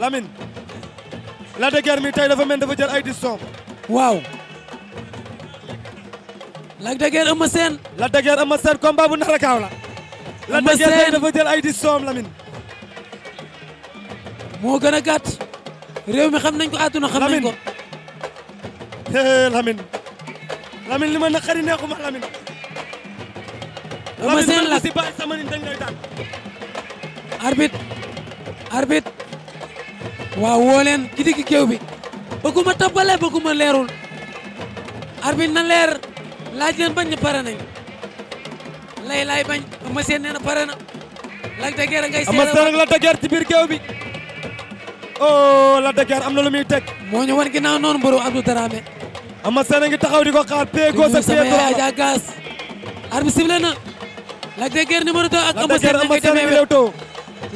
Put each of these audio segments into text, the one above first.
Lamine Lac de mi tey dafa mel dafa jël ay décisions. waaw. Lac de Guiers Eumeu Sène. Lac de Guiers Eumeu Sène combat bu nar a kaaw la. Eumeu Sène dafa jël ay décisions Lamine. moo gën a gàtt. réew mi xam nañ ko àdduna xam nañ ko. Lamine li ma naqari neexuma Lamine. la Lamine man si bàyyi sama waaw woo leen ci digg géew bi bëgguma tabbale bëgguma leerul arbitre na leer laaj leen bañ ñu pare nañ lay lay bañ ama seen nee na pare na Lac de Guiers ngay seeral ama seen ak biir géew bi oh Lac am na lu muy teg moo ñu wan ginnaaw noonu mbëru Abdou Dramé ama seen ngi taxaw di ko xaar pied gauche ak pied droit aja gaz arbitre sifflé na Lac de Guiers numéro 2 ak ama seen ngi demee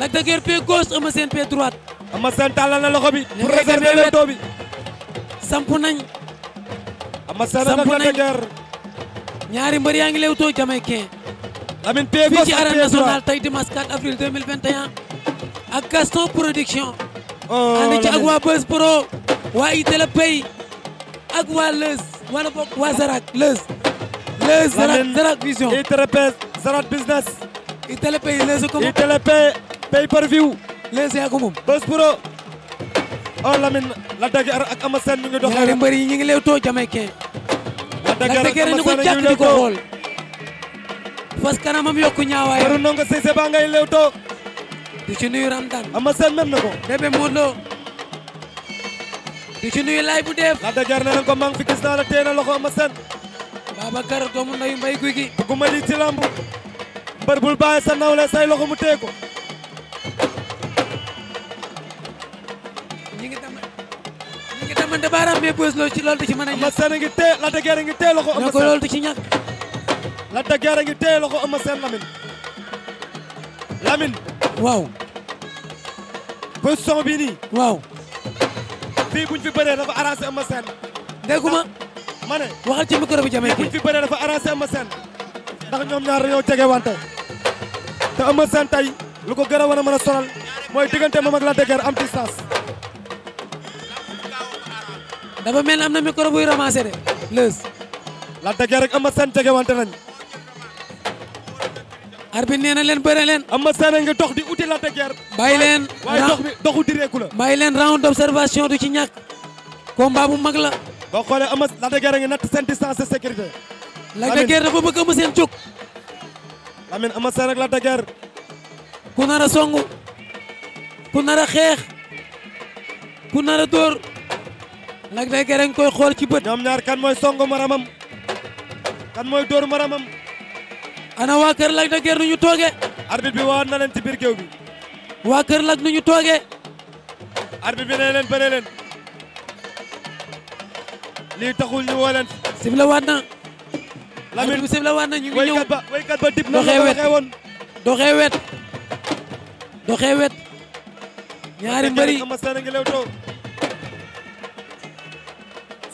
Lac de Guiers pied gauche ama seen pied droite Eumeu Sène tàllal na loxo bi. pour réserver leetoo bi. sampu nañ. Eumeu Sène sampu nañ ñaari mbër yaa ngi leewtoo jamaïcain. Lamine P fii ci arène nationale tey dimanche 4 avril ak Gaston production. oh ànd ci ak waa Buzz Pro. waa Itala Pay. ak waa Leuz wala boog waa Zarak Leuz. Leuz Zarak Zarak vision Itala Pay Zarak business. Itala Pay Leuz ko. Itala les yaa ko moom. Bës Pro. oh Lamine. Lac de Guiers ak Eumeu Sène mi ngi doxal. ñaari mbër yi ñu ngi leew too Jamaïcain. Lac de Guiers ak ko jàkk di fas kanamam yokku ñaawaay. waru ndongo Cissé ba ngay leew too. di ci nuyu Ramdan. Eumeu Sène même na ko. bébé Modou Lo. ci nuyu lay bu def. Lac de Guiers nee na ko maa ngi fi gis naa la téye na loxo doomu ndeyu mbay guy gi. bëgguma lii ci lamb. mbër bul bàyyi sa nawle say loxo mu téye ñi ngi tam ñi ngi tamante baaraam mais Boy Lo ci loolu du ci mën a ñàkk. Eumeu Sène ngi téye Lac de Guiers ngi téye loxo Eumeu Sène. loolu du ci ñàkk. Lac de Guiers ngi téye loxo Eumeu Sène Lamine. Lamine. waaw. position bii nii. waaw. fii buñ fi bëree dafa arrangé Eumeu Sène. dégguma. ma ne waxal ci micro bi jamee ki buñ fi bëree dafa arrangé Eumeu Sène. ndax ñoom ñaar dañoo jege wante. te Eumeu Sène tey lu ko gën a war a mën a sonal mooy diggante ma ak Lac de Guiers am distance. dafa mel am na micro buy ramassé de lës Lac de Guiers rek Eumeu Sène jege nañ arbitre nee na leen bëre leen Eumeu a nga dox di uti Lac de Guiers bàyyi leen waaye dox bi doxu leen round d'observation du ci ñàkk combat mu mag la boo xoolee Eumeu Lac de Guiers nga natt seen distance de sécurité Lac de Guiers dafa bëgg Eumeu Sène jóg ku nar a songu ku nar a xeex ku nar a dóor Lac de Guiers nga koy xool ci bët. ñoom ñaar kan mooy songu maramam kan mooy dóor maramam. ana waa kër Lac de Guiers nu ñu toogee. arbitre bi waan leen ci biir géew bi. waa kër Lac nu ñu tooge arbitre bi nee leen bëre leen. lii taxul ñu woo leen. sifle waat na. Lamine bi sifle waat ñu ngi ñëw ba waykat dib na la waxee woon. doxee wet doxee wet. ñaari mbëri.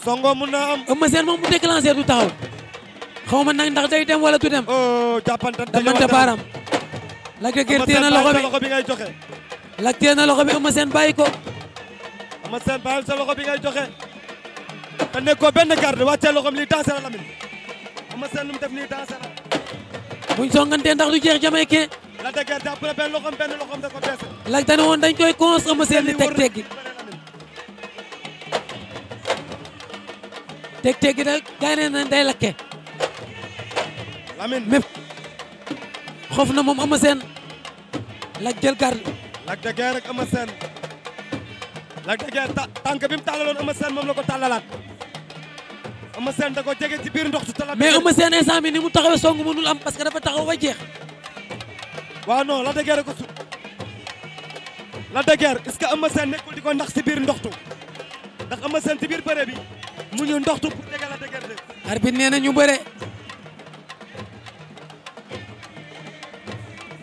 songo mun naa am. Eumeu Sène moom bu déclenché du taxaw. xaw ma nag ndax day dem wala du dem. Oh, jàppante damante baaram. Lac de Guiers téye na loxo bi loxo bi ngay joxe. Lac téye na loxo bi Eumeu Sène bàyyi ko. Eumeu Sène bàyyi sa loxo bi ngay joxe. te nekk ko benn garde wàccee loxoom lii dansé la Lamine. Eumeu Sène lu mu def nii dansé la. buñ songantee ndax du jeex jamaïcain. Lac de Guiers jàpp na benn loxoom benn loxoom da ko bees. Lac dañu woon dañ koy cons Eumeu Sène di teg teggi. teg-teg gi nag na day lakke Lamine même xoof na moom Eumeu Sène Lac jël gar Lac de Guiers ak Eumeu Sène tànk bi mu tàllaloon Eumeu Sène moom la ko tàllalaat Eumeu Sène da ko jege ci biir ndox su tala mais Eumeu Sène instant bi ni mu taxawee song mënul am parce que dafa taxaw ba jeex waaw non Lac de Guiers ko sut Lac de Guiers est-ce que Eumeu Sène nekkul di ko ndax ci biir ndoxtu ndax Eumeu Sène ci biir bëre bi mu ñu ndoxtu pour dégala déggante arbitre nee na ñu bëre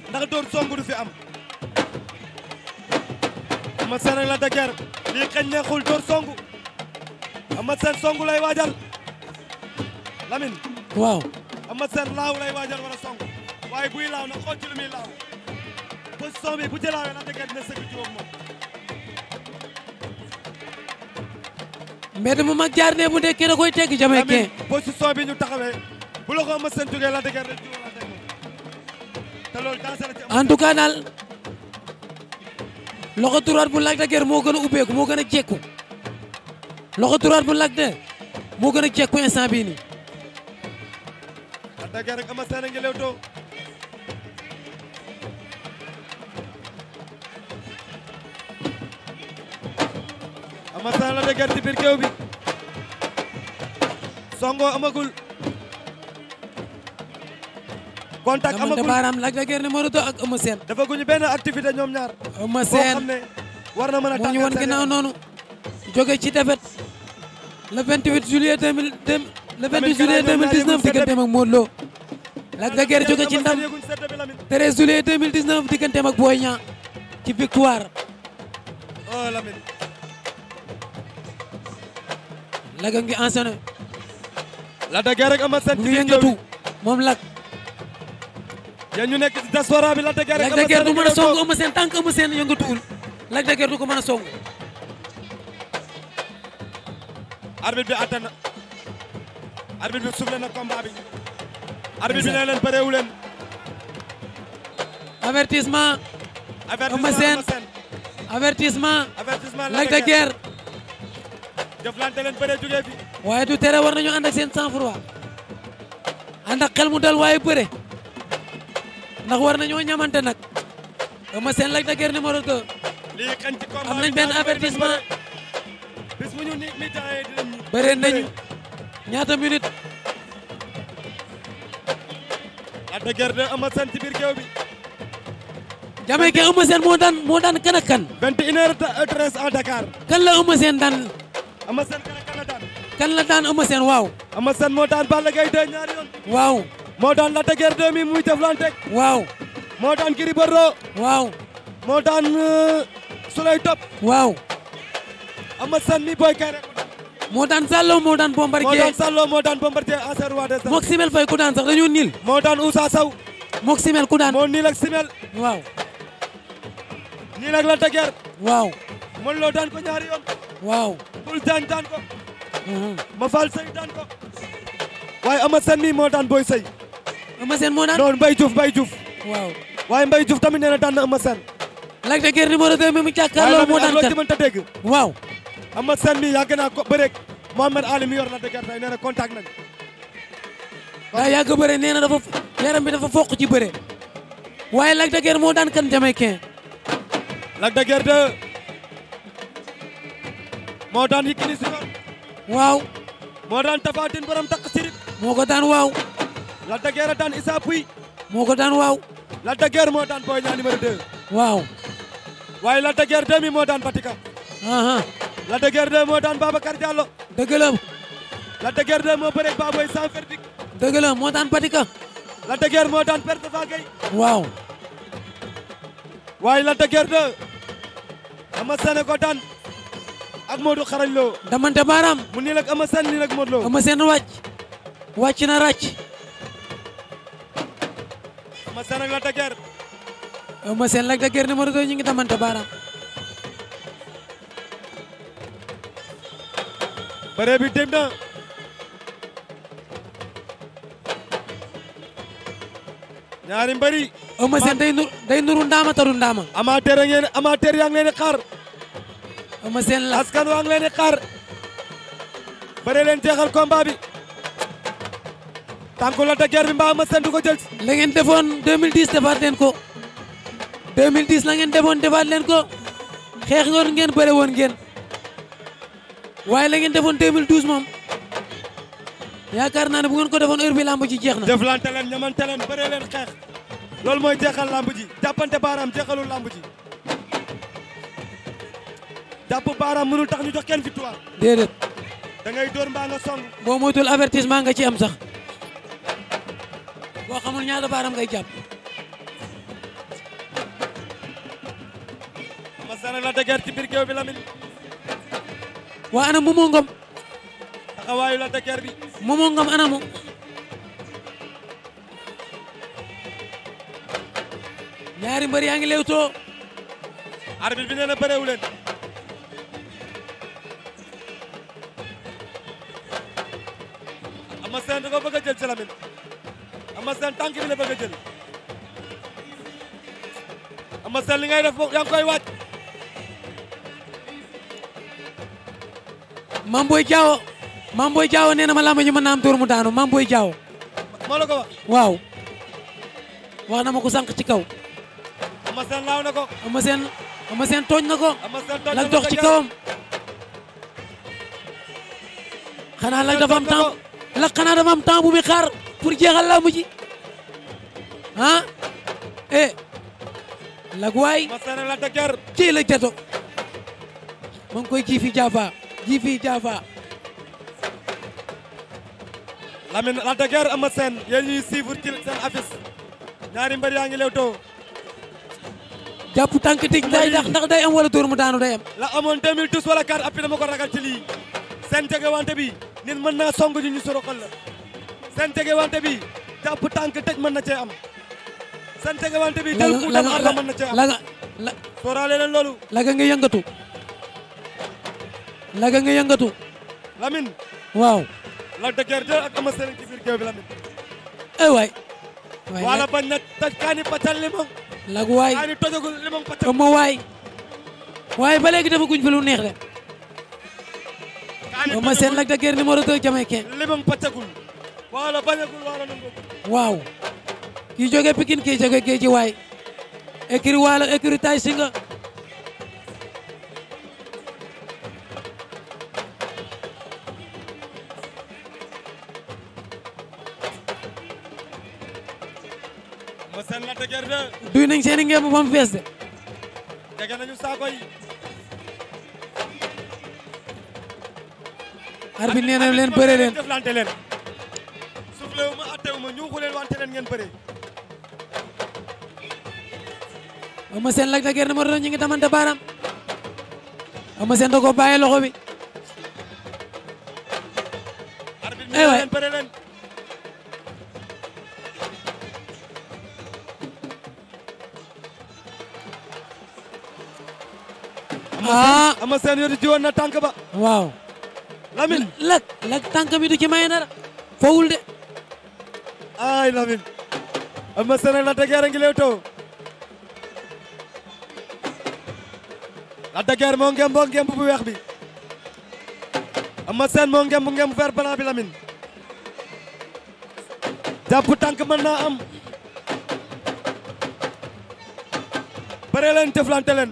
ndax door song du fi am Eumeu Sène ak Lac de Guiers lii xeñ neexul door song Eumeu Sène song lay waajal Lamine waaw Eumeu Sène laaw lay waajal wala song waaye buy laaw na xool ci lu muy laaw position bi bu ci laawee Lac de Guiers dina sëgg ci mbedd mu mag jaar ne bu ndekkee da koy tegg jamaïcain position bi ñu taxawee bu la ko ma seen jógee la dëgër rek te loolu en tout cas daal loxo droite bu Lac de Guiers moo gën a ubbeeku moo gën a jekku loxo droite bu Lac de moo gën a jekku instant bii nii. a ngi Eumeu Sène la dëgër ci biir bi songo amagul contact amagul baaraam Lac de Guiers numéro 2 ak Eumeu Sène dafa guñu benn activité ñoom ñaar Eumeu Sène xam ne war na mën a moo woon ginnaaw noonu jóge ci defet le 28 juillet 2000 le 28 juillet 2019 digganteem ak Modou Lo Lac de Guiers jóge ci ndam 13 juillet 2019 digganteem ak Boy Niang ci victoire oh Lamine Lac a ngi enchaîné. Lac de Guiers ak Eumeu Sène. ngi yëngatu moom Lac. yéen ñu nekk diaspora bi Lac de Guiers ak Eumeu Sène. Lac de Guiers du mën a song Eumeu Sène tant que ko mën a song. bi attan na arbitre bi soufflé na combat bi. arbitre bi nee leen bëreewu leen. avertissement. avertissement Eumeu jëflante leen bëre jógee fi. waaye du tere war nañu ànd seen sang-froid ànd xel mu dal waaye bëre ndax war nañoo ñamante nag ama seen Lac de Guiers numéro 2. lii am nañ benn avertissement. bis bu ñu nit mi taayee dinañ. bëre nañu ñaata minute. Lac de Guiers de ama seen ci biir géew bi. Jamaïcain Eumeu Sène moo daan moo daan kan ak kan. 21 heures 13 la Eumeu Sène daan. Eumeu Sène kan la daan. kan la daan Eumeu Sène waaw. Eumeu Sène moo daan Balla Gaye 2 ñaari yoon. waaw. moo daan Lac de Guiers mi muy jëflanteeg. waaw. moo daan Gris Bordeaux. waaw. moo daan euh, Souley Top. waaw. Eumeu Sène mi Boy Kaïré. moo daan Sallo moo daan Bombardier. moo daan Sallo moo daan Bombardier ancien roi des arènes. Simel Faye daan sax dañoo moo daan Ousa Sow. moog Simel ku daan. moo niil Simel. waaw. niil ak Lac waaw. Modou Lo daan ko ñaari yoon. waaw Boul Diagne daan ko. Uh-huh. Mafal Seye daan ko. waaye Ama Sène mii moo daan Boy Seye. Ama Sène moo daan non Mbaye Diouf Mbaye Diouf. waaw waaye Mbaye Diouf tamit nee na daan na Ama Sène. Lac de Guiers numéro 2 mi mu jàkkaarloo moo daan kan waaye tamit ak loo dégg. waaw Ama Sène mii yàgg naa ko bëreeg Mohamed Ali mi yor Lac de Guiers tey nee na contact nañu. daa yàgg dafa yaram bi dafa foq ci bëre. waaye Lac de moo daan kan jamaïcain. Lac de Guiers moo daan Yékini Senior waaw moo daan Tapha Tine borom takk sirip moo ko daan waaw Lac de Guiers a daan Issa moo ko daan waaw la de Guiers moo daan Boy Niang numéro 2 waaw waaye Lac de Guiers 2 moo daan Batika aha Lac de Guiers moo daan Babacar Diallo dëgg la Lac de Guiers moo bëre ak Baboy sans verdict moo daan Batika Lac de Guiers moo daan Père Tapha Gueye waaw waaye Lac de Guiers 2 ama sene ko daan ak Modou xarañ loo. damante baaraam. mu nii ak Ama Sène nii Ama Sène wàcc. wàcc na ràcc. Ama Sène ak Lac de Guiers. Ama Sène Lac de Guiers numéro 2 ñu ngi damante baaraam. bëre bi dem na. ñaari mbëri. Ama Sène day nuru day nuru ndaama taru ndaama. amateur ngeen amateur yaa ngi leen di Eumeu seen la askan waa ngi leen di xaar bëre leen jeexal combat bi tànku Lac de Guiers bi mbaa Eumeu Sène du ko jël la ngeen defoon 2010 defaat leen ko 2010 la ngeen defoon defaat leen ko xeex woon ngeen bëre woon ngeen waaye la ngeen defoon 2012 moom yaakaar naa ne bu ngeen ko defoon heure bi lamb ji jeex na jëflante leen ñamante leen bëre leen xeex loolu mooy jeexal lamb ji jàppante baaraam jeexalul lamb ji jàpp baaraam mënul tax ñu jox kenn victoire. déedéet. da ngay dóor mbaa nga song. boo moytul avertissement nga ci am sax boo xamul ñaata baaraam ngay jàpp. masara bi Lamine. waa ana Momo yaa ngi lewtoo. arbitre bi nee na Eumeu Sène da ko bëgg a koy waaj Mame nee na ma làmb ji mën naa mu daanu Mame Boye Diao moo la ko wax waaw wax ma ko sànq ci kaw Eumeu Sène ko Eumeu Sène Eumeu Sène tooñ ko la dox ci xanaa la dafa am la xanaa dafa am temps bu muy xaar pour jeexal làmb ji ah eh lag waay masana la dakar ci la jato ma ngi koy ji fi jaafa ji fi jaafa Lamine la dakar ama seen yéen ñuy suivre ci seen affiche ñaari mbër yaa ngi lewtoo jàpp tànk tij day ndax ndax day am wala dóor mu daanu day am la amoon 2012 wala 4 appui dama ko ragal ci lii seen jege wante bi nit mën naa song ñu ñu soroxal la seen tege wante bi jàpp tànk tëj mën na cee am seen tege wante bi jël ku dam arda mën na cee am la la sóoraale leen loolu laga nga yëngatu laga nga yëngatu Lamine waaw Lac de Guiers 2 ak Eumeu Sène ci biir géew bi Lamine eh waay wala bañ na taj kaani patal li moom lagu waay kaani tojagul li moom patal ma waay waaye ba léegi dafa guñ fi lu neex de Eumeu Sène Lac de Guiers numéro 2 jamaïcain waaw kii jóge Pikine kii jóge géeji waay écrit waalo écrit tay si nga Eumeu Sène Lac de de ar bi nee na leen bëre leen deflante leen soufflé wu ma attewu ma ñuuxu leen wante leen ngeen bëre ko bàyyi loxo bi ay waay bëre leen ah Eumeu tànk ba waaw Lamine lak lak tànk bi du ci may dara fowul de ay Lamine Eumeu Sène Lac de Guiers a ngi lew taw Lac de moo ngem ngemb bu weex bi Eumeu Sène moo ngemb ngemb vert blanc bi Lamine jàpp tànk mën naa am bare leen tëflante leen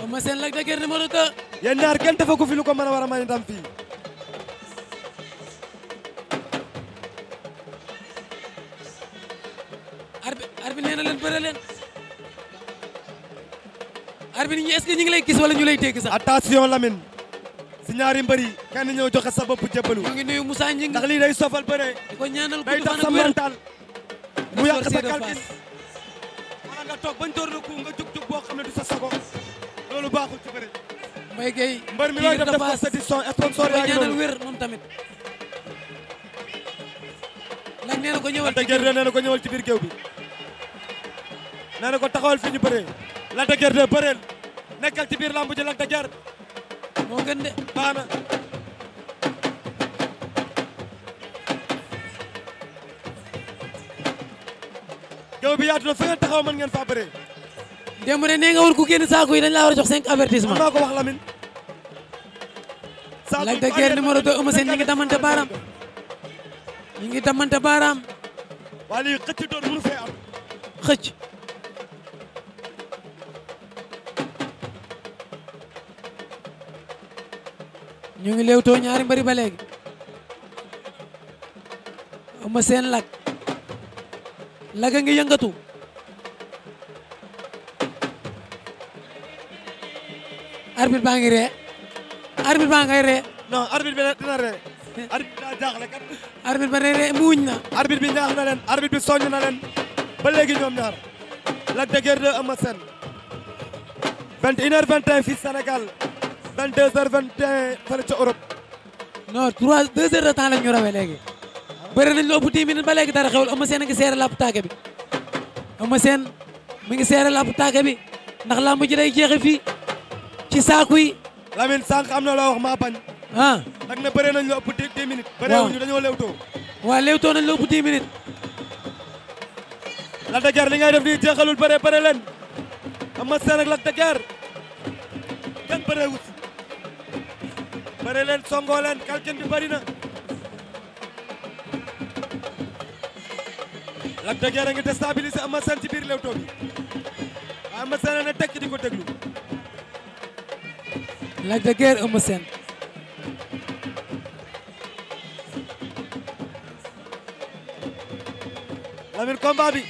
Eumeu Sène Lac de Guiers numéro 2 yéen ñaar kenn dafa ko fi ko mën a war a may ndam bi nit ñi est-ce que ñu ngi lay gis wala ñu lay dégg sax. attention Lamine si ñaari mbër yi kenn ñëw joxe sa bopp jébbalu. ñu ngi nuyu Moussa Ngingue ndax lii day sofal bëre. di ko ñaanal gudd fan ak wér mu yàq sa calcul wala nga toog bañ door na ku nga jug jug boo xam ne du sa sago loolu baaxul ci bëre. Mbaye Gueye mbër mi looy def def compétition sponsor yaa ngi ñaanal wér moom tamit. lan nee na ko ñëwal ci biir nee na ko ñëwal ci biir géew bi. nee na ko taxawal fi ñu bëree. Lac de Guiers 2 bëreel nekkal ci biir lambu ji Lac de Guiers. moo gën de baax na. bi yaatu na fa ngeen taxaw mën ngeen faa bëree. démb ne nee nga war ku génn saako yi dañ laa war a jox cinq avertissement. maa ko wax Lamine. saako Lac de Guiers numéro 2 Eumeu Sène ñi ngi damante baaraam. ñi ngi damante baaraam. waa lii xëcc fee am. xëcc. ñu ngi léewtoo ñaari bari ba léegi Eumeu Sène ngi yëngatu arbitre baa ngi ree arbitre baa ngay ree non arbitre bi dina ree arbitre daa jaaxle kat arbitre ree muuñ na arbitre bi ñaax na bi soññ na ñoom ñaar Lac de Guiers 2 Eumeu Sène 21 heures fii Sénégal 22 heures 21 fële ca Europe. non 3 2 heures de temps lañ ñu rawee léegi. bëri lóobu 10 minutes ba léegi dara xewul Eumeu seen a ngi seere làpp taake bi. Eumeu Sène mi ngi seere làpp taake bi ndax làmb ji day jeexe fii ci saaku yi. Lamine sànq am na loo wax maa bañ. ah nag ne bëri nañ lóobu 10 minutes. waaw bëreewuñu dañoo lewtoo. waaw lewtoo nañ lóobu 10 minutes. Lac de Guiers li ngay def nii jeexalul bëre bëre leen Eumeu Sène ak Lac de Guiers kenn bëreewut. bëre leen songoo leen kalken bi bëri na Lac de Guiers a ngi déstabiliser Eumeu Sène ci biir Leewtoo bi waaye Eumeu Sène na tekk di ko déglu Lac de Guiers Eumeu Sène bi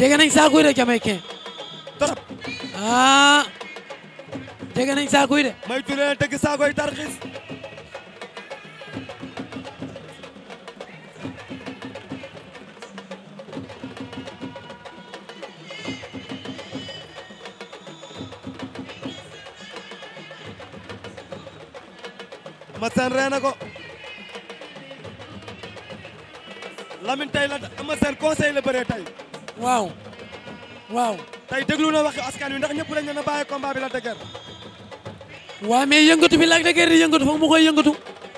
jege saakuy de jamaïcain torop ah jege saakuy de may tuleen tëgg saakoy tarxis Eumeu Sène ree na ko Lamine tey la Eumeu Sène conseil la bëree tey waaw waaw tey déglu na waxi askan wi ndax ñëpp lañ leen a bàyyi a bi la dëgër waaw yëngatu bi la dëgër di yëngatu foog mu koy yëngatu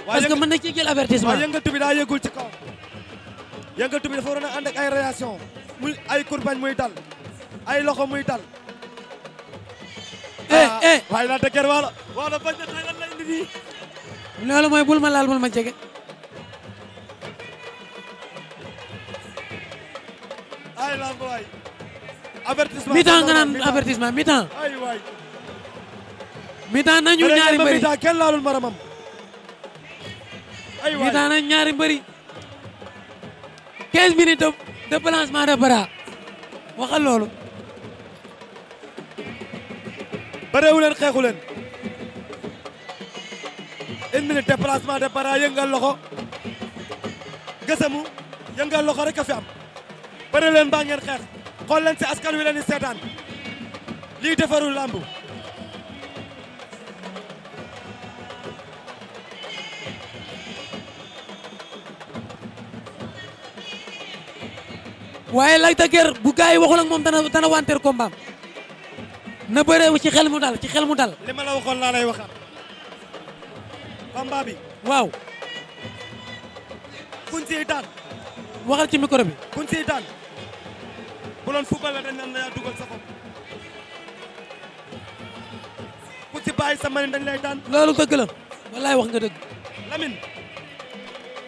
parce que mën na ci jël avertissement waaw yëngatu bi daa yëgul ci kaw yëngatu mi dafa waroon a ànd ak ay réaction muy ay dal ay loxo muy dal eh eh ah, waaye la dëgër wala bañ na tey lan lay loolu mooy bul ma laal bul ma jege ay lamb waay avertissement mi-temps nga naan avertissement mi-temps ay waay mi-temps nañu ñaari mbëri mi-temps kenn laalul maramam ay nañu ñaari mbëri 15 minutes de balancement de bras waxal loolu barewu leen une minute déplacement de Bara yëngal loxo gësamu yëngal loxo rek a fi am bëri leen baa ngeen xeex xool leen si askan wi leen di seetaan lii defarul làmb waaye Lac de Guiers bu gars yi waxul la moom dana dana wanteer combat na bëree ci xel mu dal ci xel mu dal li ma la waxoon laa lay waxaat combat bi waaw. kuñ siy daan. waxal ci micro bi. kuñ siy daan. bu doon football dañ naan yaa dugal sa bopp. ku si bàyyi sa lay daan. loolu dëgg la. wallaay wax nga dëgg. Lamine.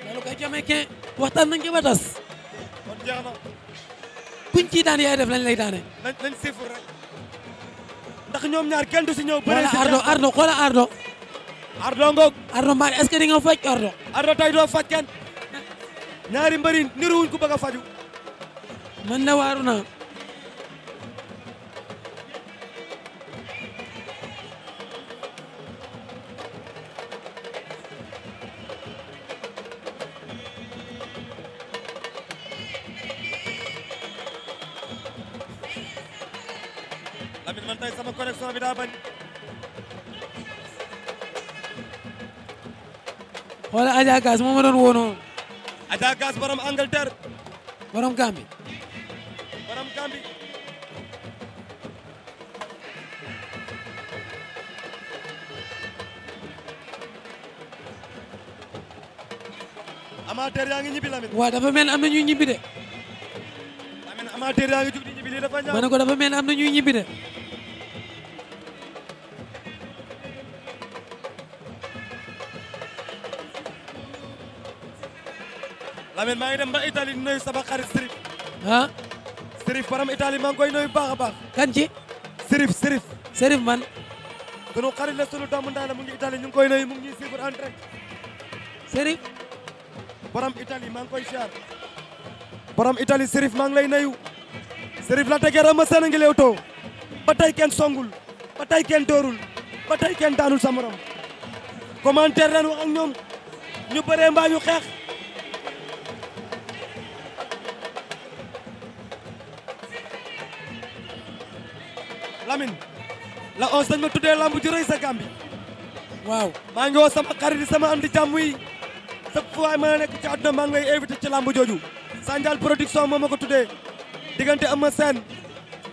loolu kay Jamaïcain waxtaan nañ ci ba tas. kon jeex na. kuñ ciy daan yaay def lañ lay daane. nañ nañ ndax ñoom ñaar kenn du si ñëw. bëree Ardo Ardo xoola Ardo. Ardo Ngok. Ardo Mbaye est-ce que di nga faj Ardo. Ardo tey doo faj kenn ñaari mbëri niruwuñ ku bëgg a faju man na waaru naa. Adja Gass moo ma doon woonoon. Adja Gass borom Angleterre. borom Gambie. borom Gambie. amateur yaa ngi ñibbi Lamine. waaw dafa am na ñuy ñibbi de. Lamine amateur yaa ngi jug dafa ñaaw. ma ñuy ñibbi de. Ameth maa ngi dem ba Italie nuyu sama xarit Serif. ah. Serif borom Italie maa ngi koy nuyu baax a baax. kan ci. Serif Serif. Serif man. sunu xarit la doomu ndaa la mu ngi Italie ñu ngi koy nuyu mu ngi ñuy suivre en direct. Serif. maa ngi koy siyaar. borom Italie Serif maa ngi lay nuyu. Serif la tegee rama seen a ngi ba tey kenn songul. ba tey kenn dóorul. ba tey kenn daanul sa morom. commentaire ak ñoom. ñu bëree mbaa xeex. la 11 dañ ma tuddee lamb ju rëy sa Gàmbi waaw maa ngi woo sama xarit sama am di jàmm yi fépp fu waay mën a nekk ci àdduna maa ngi lay invité ci lamb jooju Sandial production moo ma ko tuddee diggante Eumeu Sène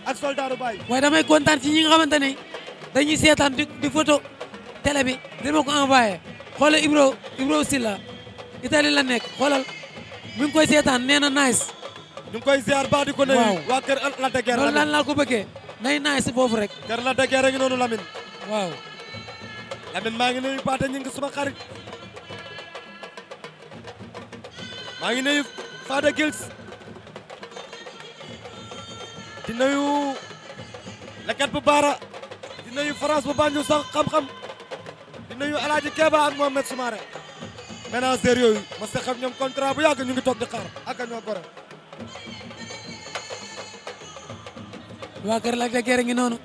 ak Soldaaru Baay waaye damay kontaan ci ñi nga xamante ne dañuy seetaan di di photo télé bi di ma ko envoyé xoolal Ibro Ibro Silla Italie la nekk xoolal mu ngi koy seetaan nee na nice ñu ngi koy ziar baax di ko nuyu waa kër Lac de Guiers loolu lan laa ko bëggee day naa si foofu rek. kër la a rek noonu Lamine. waaw. Lamine maa ngi nuyu Paate ñu ngi suma xarit. maa ngi nuyu Fada Gils. di nuyu Lekat bu Baara. dina nuyu France bu Banjul sax xam-xam. di nuyu El Hadj Keba ak Mohamed Soumaré. manager yooyu ma sa xam ñoom contrat bu yàgg ñu ngi toog di xaar ak ñoo gore. waa kër Lac de Guiers ngi noonu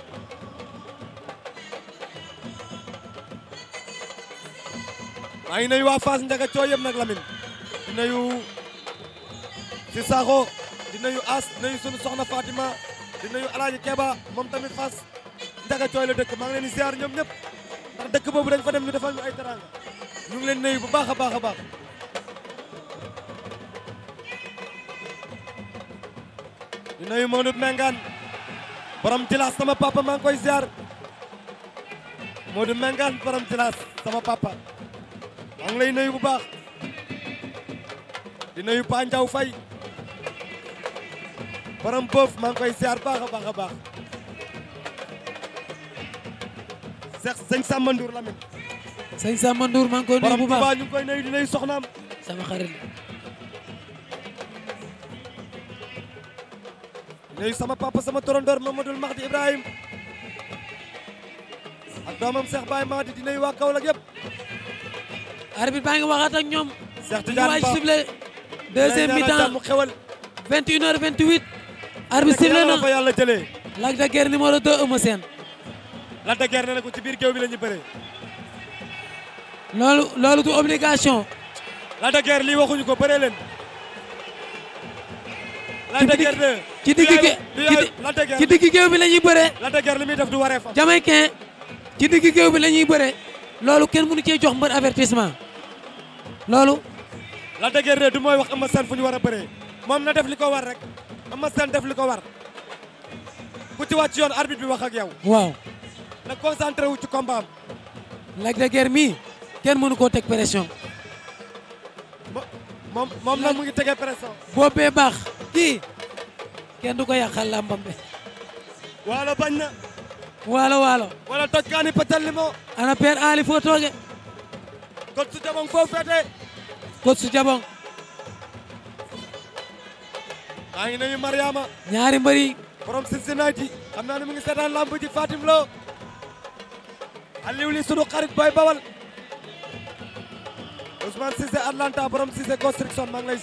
maa ngi nuyu waa Fass Ndiaga Thioye yëpp nag Lamine di nuyu si Sakho di nuyu As di nuyu sunu soxna Fatima di nuyu Alaaji Keba moom tamit Fass Ndiaga Thioye la dëkk maa ngi leen di ziar ñoom ñëpp ndax dëkk boobu dañ fa dem ñu defal ñu ay teraanga ñu ngi leen nuyu bu baax a baax a baax di nuyu Maodo borom Djilass sama papa maa ngi koy ziar Modou Mengane borom Djilass sama papa maa ngi lay nuyu bu baax di nuyu Pa Ndiaw Faye boof maa ngi koy ziar baax a baax a baax Seex sëñ Samba Ndour Lamine sëñ Samba Ndour koy nuyu bu baax borom Touba di nuyu soxnaam nuyu sama papa sama torondoor Mamadou Mahdi Ibrahim ak doomam Cheikh Baye Mahdi di nuyu waa Kaolack yëpp. arbitre baa ngi ñoom. Cheikh ngi waaj sifflé deuxième mi-temps 21h28. arbitre sifflé na fa yàlla jëlee. Lac de Guiers numéro 2 Eumeu Sène. Lac de ko ci biir géew bi la ñu bëree. loolu loolu du obligation. Lac de Guiers waxuñu ko bëree leen. ci digg ci digg géew bi la ñuy bëree. Lac de Guiers li muy def du waree fa. Jamaïcain ci digg géew bi la ñuy bëree loolu kenn mënu cee jox mbar avertissement loolu. Lac de Guiers du mooy wax Eumeu Sène fu ñu war a bëree moom na def li ko war rek ama Sène def li ko war ku ci wàcc yoon arbitre bi wax ak yow. waaw na concentré wu ci combat am. Lac de kenn mënu koo teg pression. moom moom nag mu ngi tegee pression. boobee baax kii. kenn du ko yàqal làmbam bi waalo bañ na waalo waalo wala toj kaani patal limo ana père Ali foo tooge kot su jabong foo fete kot su jabong maa ngi nuyu Mariama ñaari mbëri borom Cincinnati xam naa ne mu ngi seetaan lamb ji Fatim Lo Aliou sunu xarit boy bawal Ousmane Cissé Atlanta borom Cissé construction maa ngi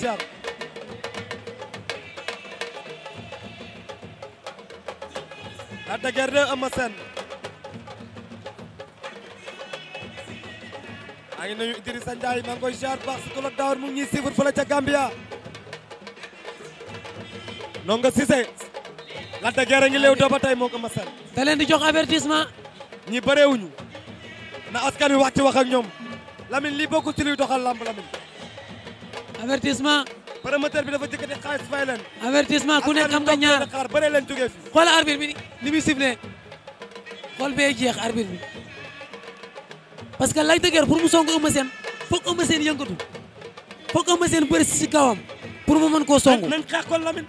Lac de Guiers 2 Eumeu Sène maa ngi nuyu maa ngi koy ziar baax psychologue daawar mu ngi ñuy suivre fële ca Gambia Ndongo Cissé Lac de Guiers a ngi léew doo ba tey moo ko Eumeu di jox avertissement ñi bëreewuñu na askan wi wax ci wax ak ñoom Lamine li bokku ci luy doxal lamb Lamine promoteur bi dafa jëkkati xaalis fay leen. ku nekk xam nga ñaar xaar bëre leen jógee fi. xool arbitre bi ni muy sifflé xool bee jeex arbitre bi parce que Lac de Guiers pour mu song Eumeu Sène foog Eumeu Sène yëngatu foog Eumeu Sène bëri si kawam pour mu mën koo song. nañ xeex kon Lamine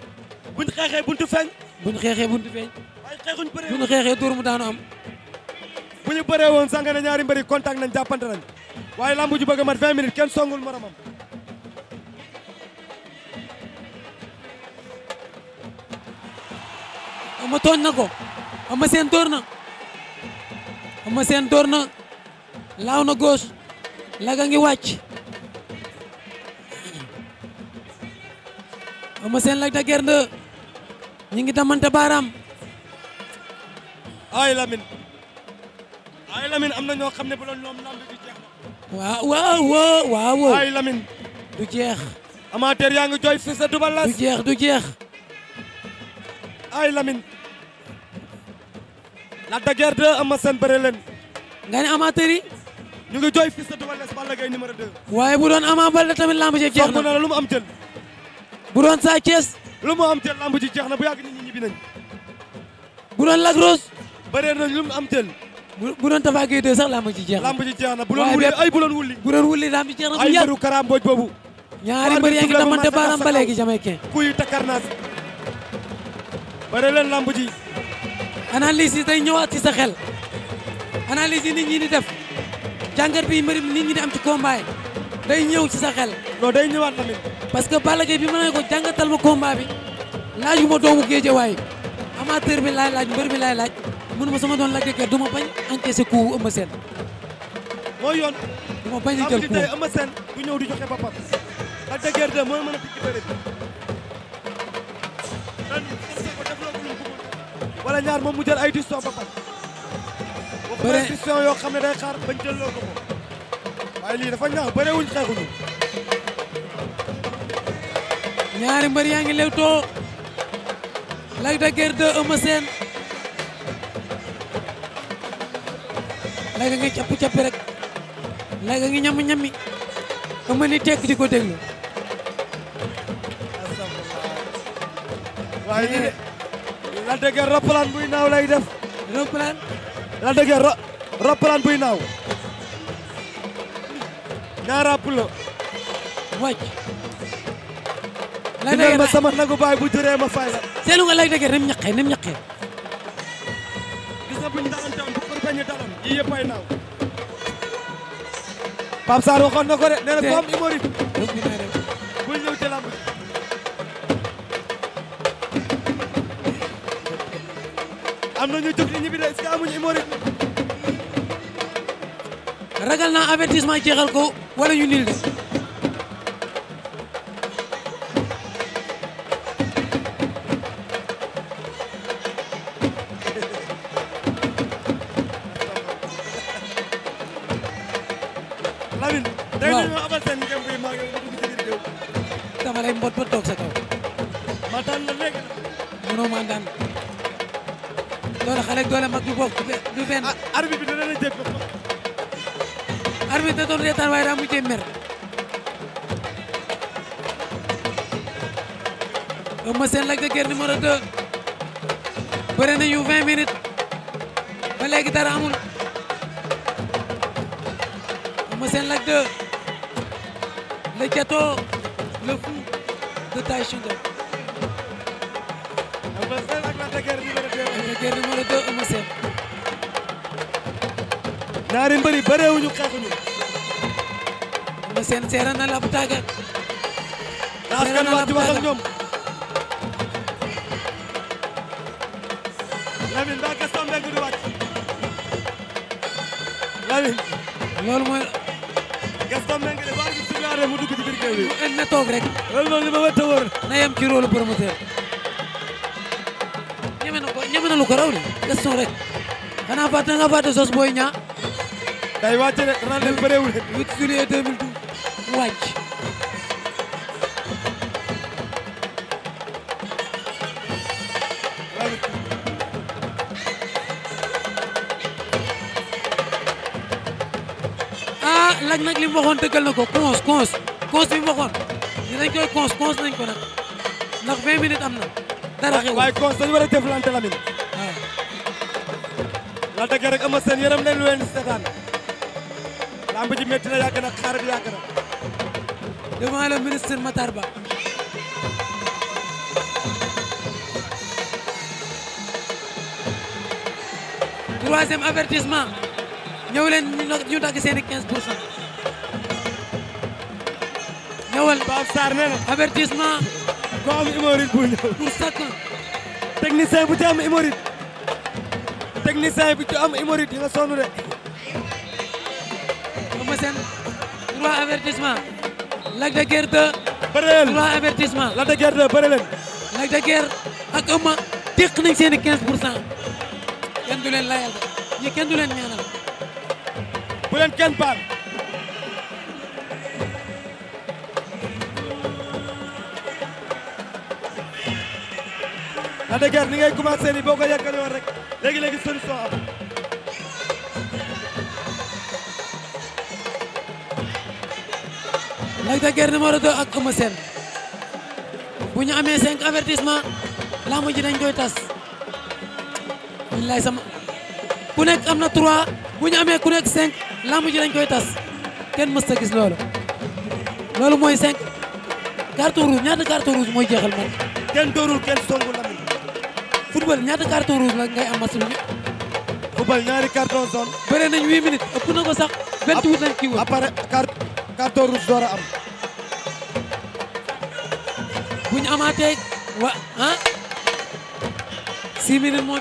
buñ xeexee buntu feeñ. buñ xeexee buntu feeñ. waaye xeexuñ bëree buñ xeexee mu daanu am. bu ñu bëree woon sànq ne ñaari mbëri contact nañ jàppante nañ waaye lambu ju bëgg a mat 20 minutes kenn songul moromam. Ama tooñ na ko Ama Sène door na Ama Sène na laaw na gauche ngi wàcc Ama Sène Lac de Guiers 2 ñi ngi damante baaraam ay Lamine ay Lamine am na ñoo xam ne bu doon ñoom lamb jeex waaw waaw waaw waaw ay Lamine du jeex amateur yaa ngi jooy fi sa dubal la du jeex du jeex ay Lamine Lac de Guiers 2 Eumeu Sène bëre leen. nga ne amateur yi. ñu ngi jooy fils de Double Less Balla Gaye numéro 2. waaye bu doon Ama Baldé tamit lamb ji jeex na lu mu am jël. bu doon Sa Thiès. lu mu am jël lamb jeex na bu yàgg nit ñi ñibbi nañ. bu doon Lac Rose. bëree nañ lu mu am jël. bu bu doon Tapha Gueye 2 sax lamb ji jeex na. lamb ji jeex na bu doon wulli ay bu doon wulli. bu doon wulli lamb ji jeex na bu yàgg ay mbiru Kara Mbodj boobu. ñaari mbër yaa ngi damante baaraam ba léegi kuy takarnaas. bëre leen analyse yi tey ñëwaat ci sa xel analyse yi nit ñi di def jàngat bi mbër nit ñi di am ci combat day ñëw ci sa xel. non day ñëwaat tamit. parce que Balla bi ma ne ko jàngatal ma combat bi laaju ma doomu géejewaay amateur bi laay laaj mbër bi laay laaj mënu ma sama doon laaj dëgg du ma bañ encaissé coup Eumeu Sène. mooy yoon. du ma bañ a jël coup Eumeu Sène ñëw di joxe boppam. ak dëgg yàlla mooy mën a picc bëri wala ñaar moom mu jël ay décision ba pare. bëre waxuma décision yoo xam ne day xaar bañ jëlloo ko moom. waaye lii dafa ñaax bëre wuñ xeexuñu. ñaari mbër yaa ngi lewtoo. Lac de Guiers 2 Eumeu Sène. Lac a ngi capp cappi rek. Lac a ngi ñam ñami. Eumeu ni tekk di ko déglu. Lac de Guiers roppalaan buy naaw lay def. roppalaan. Lac de Guiers ro roppalaan buy naaw. ñaara pulo. wàcc. Lac de Guiers ma sama nagu baay bu juree ma fay la. seetlu nga Lac de Guiers ni mu ñaqee ni mu ñaqee. gis nga bu ñu dalantoon bu ko bañ a dalan yii yëpp ay naaw. Pape Sarr waxoon na ko de nee na ko am humoriste. est-ce que amuñu hémorroïde ragal naa avertissement jeexal ko wala ñu nil de ndeysaan seera na a bu tàggat seera na a bu tàggat Lamine ba Gaston Mbengue du wàcc Lamine loolu mooy Gaston Mbengue ba gi sunaare mu dugg ci biir na toog rek loolu moom li ma wëtt wër na yem ci rôle ñeme na ko ñeme na lu ko raw li Gaston rek xanaa fàtte nga fàtte sos booy ñaa day wàcc rek rendez-vous bëreewul 8 juillet 2012 wàcc ah laaj nag li mu waxoon dëggal ko cons cons cons bi mu waxoon dinañ koy cons cons nañ ko nag ndax 20 minutes am na dara waaye cons dañu war a deflante Lamine ah. la dëgg rek ama seen yaram leen lu leen seetaan lamb ji métti na yàgg na xaar devant le ministre Matar Ba troisième avertissement ñëw leen ñu dagg seeni 15 pour cent ñëwal Pape Sarr nee na avertissement ko am hémorroïde bu ñëw pour chacun technicien bu ci am hémorroïde technicien bu ci am hémorroïde yi nga sonn de ama seen Lac de Guiers 2. bëree leen 3 avertissement. Lac de Guiers 2 de Guiers ak Eumeu teq nañ seen i 15 pour cent kenn du leen la de ñi kenn du leen ñaanal. bu leen kenn baal. Lac de Guiers ni ngay commencé Lac de Guiers numéro 2 ak Eumeu Sène bu ñu amee cinq avertissement lamb ji dañ koy tas wallaay sama ku nekk am na trois bu ñu amee ku nekk cinq lamb ji dañ koy tas kenn mës ta gis loolu loolu mooy cinq carton rouge ñaata carton rouge mooy jeexal man kenn doorul kenn songu lamin football ñaata carton rouge la ngay am match bi football ñaari carton jaune bëre nañ huit minutes ëpp na ko sax vingt-huit lañ kii woon carton rouge door a am bu ñu amaatee wa ah six minutes moo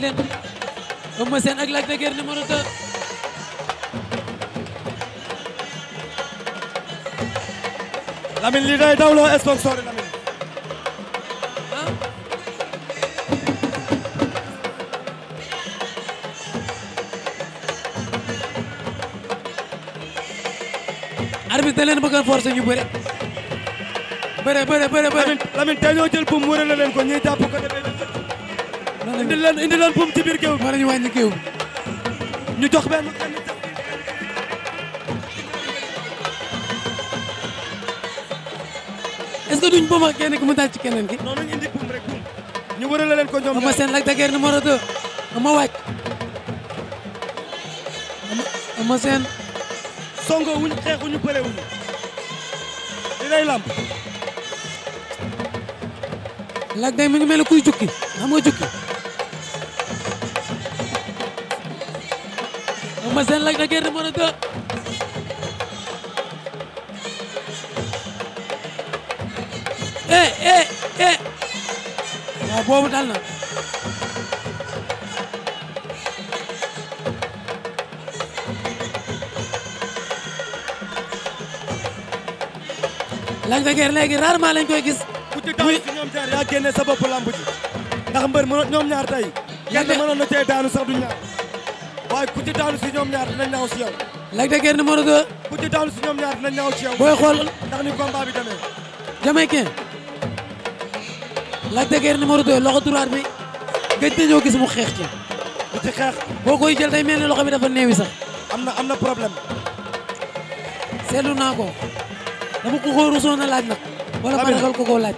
leen Eumeu Sène ak Lac de Guiers numéro 2 ngeen bëggoon forcé ñu bëre. bëre bëre bëre bëre. Lamine tey ñoo jël buum wërale leen ko ñuy jàpp ko defee. indi leen indi leen buum ci biir géew bi. wala ñu wàññi géew ñu jox benn. est-ce que duñ buum ak kenn ki mu dal ci keneen ki. noonu ñu indi buum rek buum. ñu wërale leen ko ñoom. ama seen Lac de Guiers numéro 2 ama wàcc. ama ama seen. songo wuñ xeexuñu bëre wuñu. day lamb mu ngi mel ni kuy jukki xam jukki ma seen Lac de Guiers numéro 2 eh eh eh waaw boobu dal na Lac de Guiers léegi rarement lañ koy gis. ku ci daanu ci ñoom ñaar yaa génne sa bopp lamb ji ndax mbër mënoon kenn mënoon na cee daanu sax du ñaar si ñoom ñaar dinañ si yow. Lac de Guiers numéro 2. ku ci si ñoom ñaar dinañ naaw si yow. booy xool ndax ni combat bi demee. Jamaïcain Lac de Guiers numéro 2 loxo droite bi gëj nañoo gis mu xeex ci. du ci boo koy jël tey mel ni loxo bi dafa néewi sax. am na am na problème. seetlu naa ko. dama ku xóoru soon a laaj nag. wala ma ragal ko koo laaj.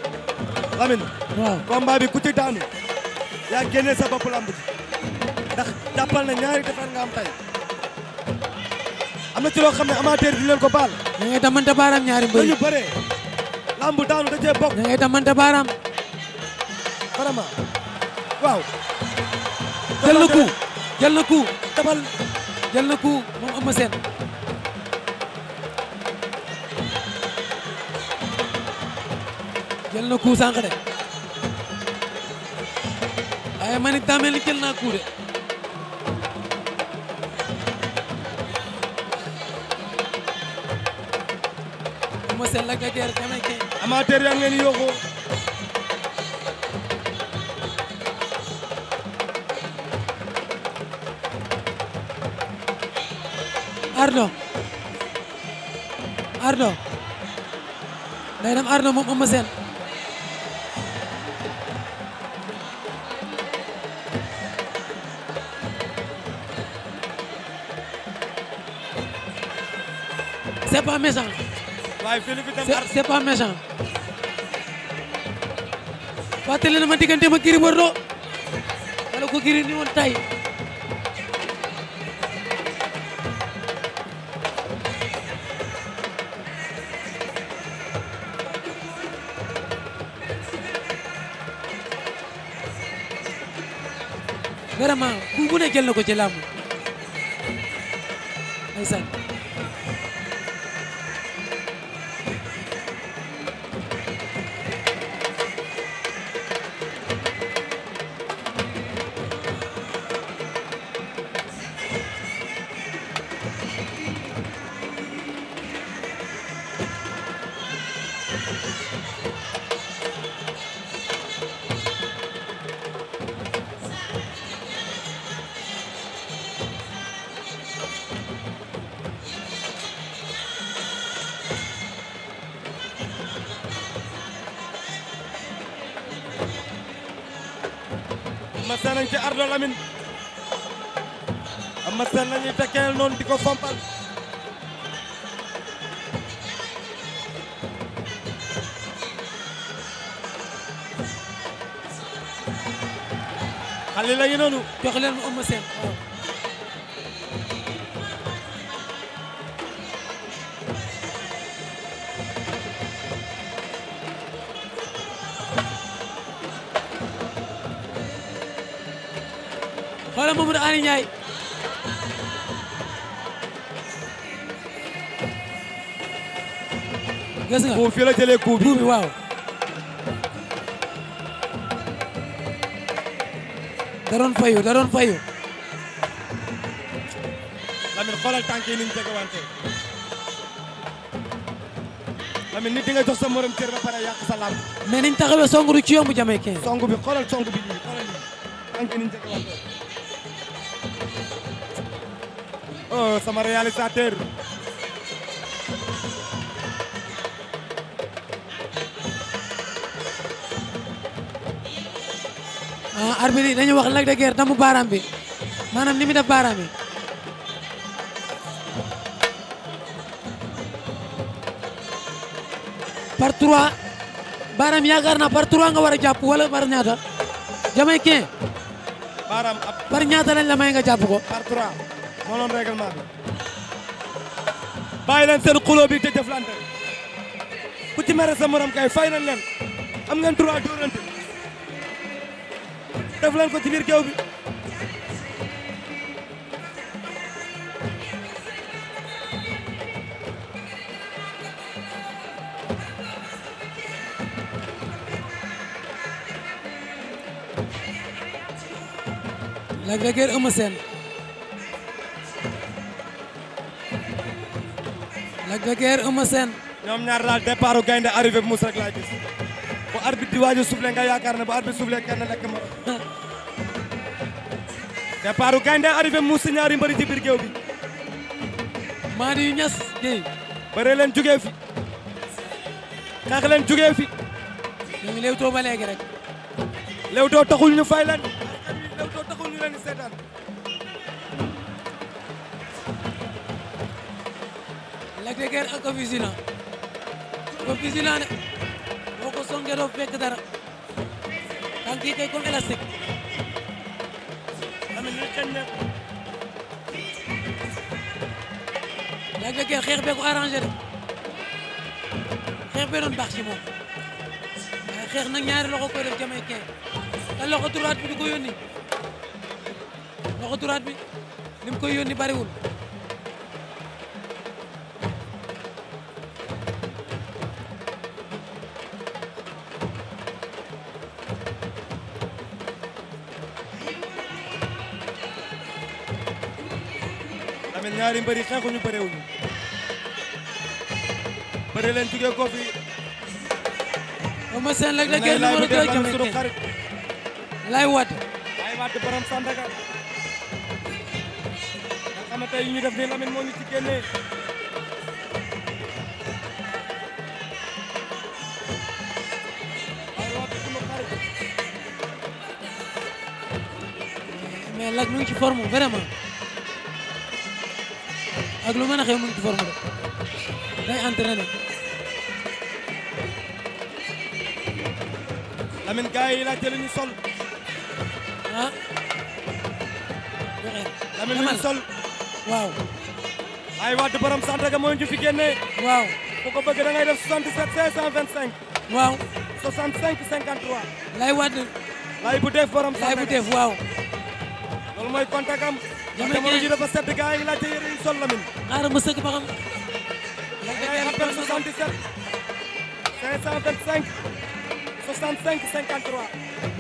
Lamine waaw combat bi ku ci daanu. yaa génne sa bopp lamb ji. ndax jàppal na ñaari defar nga am tay ci loo xam ne amateur bi leen ko baal. da ngay damante baaraam ñaari mbër yi dañu bëree. lamb daanu da cee bokk. da ngay damante baaraam. vraiment waaw. jël na ku jël na ku. dabal jël jël na coup sànq de waaye man it daa de ma seen la gagère damay kay amateur Ardo Ardo day dem Ardo moom am seen pas méchant. waaye Philippe itam c'est pas méchant. fàttali na ma diggante ma Gris Bordeaux wala ko Gris ni woon tay vraiment mel noonu di ko fompal xale la ngi noonu jox leen Eumeu Sène xoolal Mamadou Aliou Ndiaye gis nga fii la jëlee coup bi waaw. da doon fayu da doon fayu. Lamine xoolal tànk yi ni ñu jegewante. Lamine nit di sa morom cër ba pare yàq sa lamb. mais niñ taxawee songu du ci yomb jamee kenn. songu bi xoolal songu bi nii xoolal nii ni ñu jegewante. oh sama réalisateur. arbitre dañuy wax Lac de Guiers bi maanaam ni mu def baaraam bi par yaakaar naa par nga war a jàpp wala par ñaata jamaïcain baaraam ab par ñaata lañ la nga jàpp ko par moo doon règlement bi bàyyi seen xuloo bi te ku ci sa morom kay fay leen am ngeen droit dóorante def leen ko ci biir géew bi Lac de Guiers Eumeu Sène Lac de Guiers ñoom ñaar daal départ gaynde arrivé bu mus rek laa bu arbitre di waaju soufflé nga yaakaar ne bu arbitre soufflé kenn lekk ma départu gaynde arrivé muusi ñaari mbëri ci biir géew bi Madi Ñas Gueye bëre leen jugee fi xeex leen jugee ngi Leewtoo ba rek Leewtoo taxul ñu fay leen Leewtoo taxul ñu leen di seetaan Lac de Guiers ak Officina Officina ne ko songee doo fekk dara tànk yi tey comme élastique daa ngi xeex bee ko arrangé de xeex bee doon baax ci xeex nag ñaari loxo koy def jamaïcain te loxo droite bi du ko yónni loxo droite bi lim koy yónni mel ñaari mbëri xeexuñu bëreewuñu bëri leen jugee ko fi. Eumeu Sène Lac de Guiers numéro 2 Jamaïcain lay wadd lay wadd borom Sandaga nga xam ne tey ñu def ni Lamine moo ñu ci génnee mais Lac ñu ngi ci forme vraiment ak lu mën a xew mu ngi ci forme de day entraîné. Lamine gars yi laajte lu ñu sol. ah. Lamine lu ñu sol. waaw. ay waat borom Sandaga moo ñu fi génne. waaw ku ko bëgg da ngay def 77 525. waaw. 65 53. lay waat. lay bu def borom Sandaga lay bu def waaw. loolu mooy contact am. jamono ji dafa sedd gars yi laajte yére yu sol Lamine. aara ma sëgg ba xam. 77 525 65 53.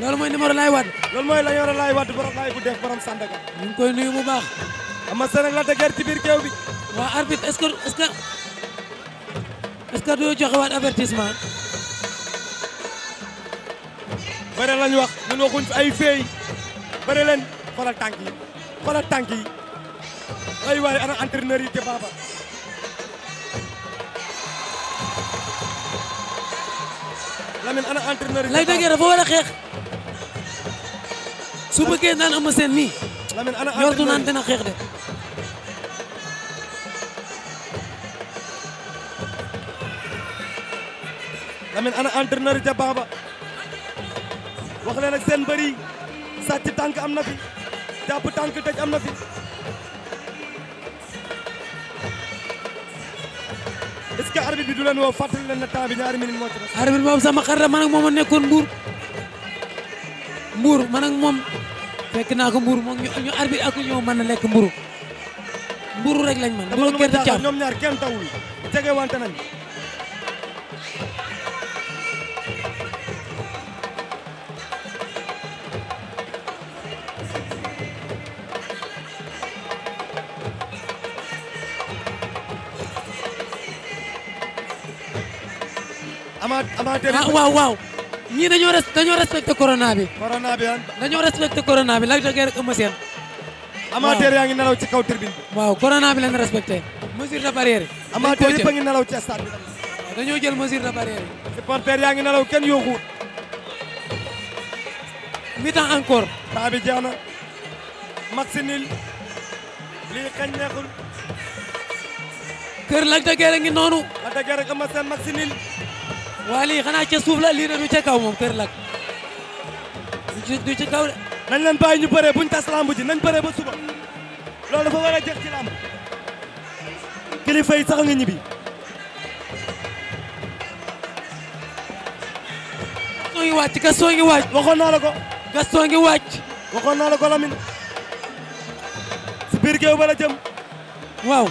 loolu mooy numéro Laye Wade. loolu mooy numéro Laye Wade borom laay bu def borom Sandaga. ñu koy nuyu bu baax. ama seen ak la dëgër ci biir géew bi. waa arbitre est-ce joxe waat avertissement. bëre lañ wax ñun waxuñ ay feey bëre leen xoolal tànk yi. ay waay ana entraîneur yi te baaba Lamine ana entraîneur yi. lay déggee xeex. su bëggee naan am seen mi. Lamine ana entraîneur yi yor naan dina xeex de. Lamine ana entraîneur yi te baaba wax leen seen bëri sàcc tànk am na fi jàpp tànk tëj am na est-ce que arbitre bi du leen woo fàttali leen ne temps bi ñaari minutes moo ci des. arbitre boobu sama xarit la man moom a nekkoon Mbour. Mbour moom fekk naa ko Mbour moom ñu arbitre ak ñoo mën a lekk mburu mburu rek lañ man mburu gerte caaf ñoom ñaar kenn tawul jege wante nañ. amateur ah, waaw waaw ñii dañoo res dañoo respecté corona bi. corona bi lan. dañoo respecté corona bi Lac yaa ngi nelaw ci kaw tribune bi. waaw corona bi lañ respecté. mesure de barrière yi. amateur yëpp a ngi dañoo jël mesure de barrière yi. yaa ngi nelaw kenn yooxu. mi-temps encore. temps bi jeex lii xañ neexul. kër Lac de a ngi noonu. Lac de Guiers ak Eumeu Sène match waa xanaa ca suuf la lii de ca kaw moom Kër Lac du ci kaw de nañ leen bàyyi ñu bëree buñ tas lamb ji nañ bëree ba suba loolu dafa war a jeex ci lamb kilifa yi sax nga ñibbi gaston ngi wàcc gaston ngi wàcc waxoon naa la ko gaston ngi wàcc waxoon naa la ko Lamine si biir géew ba la jëm waaw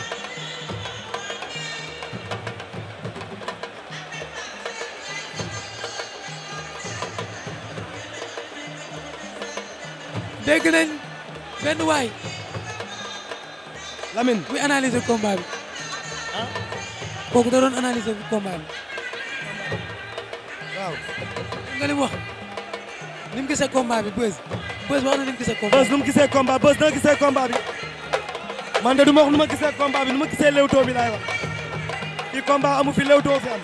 dégg nañ benn waay. Lamine buy analyser combat bi. ah. kooku da doon analyser combat bi. waaw. nga li mu wax ni mu gisee combat bi bës bës wax na ni mu gisee combat bi. nu mu gisee combat bës na gisee combat bi. man du ma nu ma gisee combat bi nu ma gisee lewtoo bi laay wax. fii combat amu fi lewtoo fi am.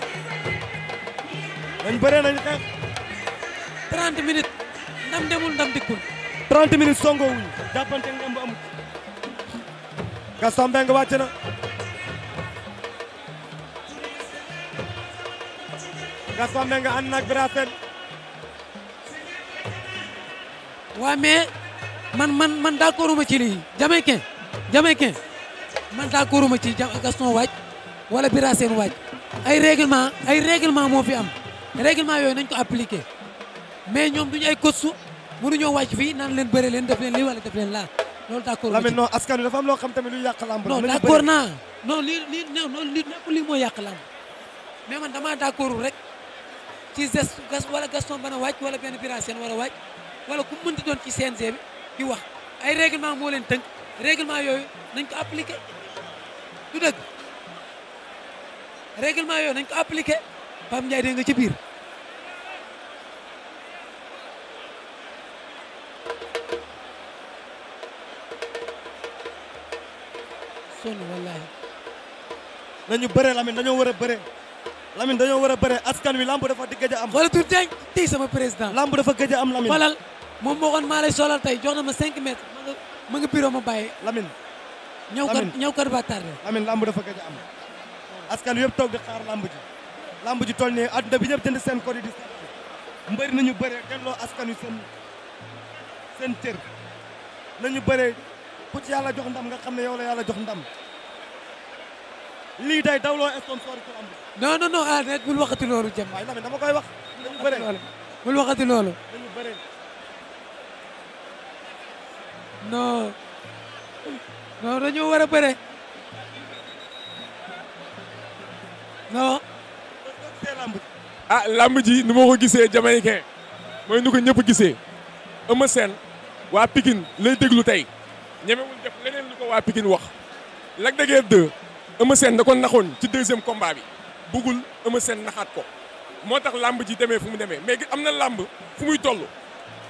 nañ bëree nañ xeex. 30 minutes ndam demul ndam dikkul. 30 minutes songo wuñu jàppante ngemb amut Gaston Mbengue wàcc na Gaston Mbengue ànd na ak waa mais man man man d'accorduma ci lii Jamaïcain Jamaïcain man d'accorduma ci Gaston waaj wala Bira Sène waaj ay règlement ay règlement moo fi am règlement yooyu nañ ko appliquer mais ñoom duñu ay coach mënuñoo wàcc fii naan leen bëre leen def leen lii wala def leen laa loolu d'accord Lamine non askan wi dafa am loo xam tamit luy yàq lamb non d'accord naa non lii lii non lii nekkul moo yàq lamb mais man damaa d'accord rek ci geste gas wala Gaston Bana wàcc wala benn Bira Sène war a wàcc wala ku mënti doon ci CNG bi di wax ay règlement moo leen tënk règlement yooyu nañ ko appliqué du dëgg règlement yooyu nañ ko appliqué Pape Ndiaye dégg nga ci biir sonn wallaahi. nañu bëre Lamine dañoo war a bëre. Lamine dañoo war a bëre askan wi lamb dafa gëj am. wala tuuti tey tey sama président. lamb dafa gëj am Lamine. xoolal moom moo xoon maa lay solal tey jox na ma 5 mètres ma nga bureau ma bàyyi. Lamine. ñëw kër ñëw kër ba tardé. Lamine lamb dafa gëj am. askan wi yëpp togg di xaar lamb ji. lamb ji toll nii adduna bi ñëpp jënd seen code di mbëri nañu bëre delloo askan wi seen cër nañu bëre. ku ci yàlla jox ndam nga xam ne yow la jox ndam lii day dawloo sponsor yi ci lamb non non non dama koy wax dañu bëre bul a bëre non ah lamb ji nu ma ko gisee jamaïcain mooy nu ko ñëpp gisee Eumeu Sène waa Pikine lay déglu tey ñemewul def leneen lu ko waa Pikine wax. Lac de Guiers 2 Eumeu Sène da ko naxoon ci deuxième combat bi bugul Eumeu Sène naxaat ko moo tax làmb ji demee fu mu demee mais am na làmb fu muy toll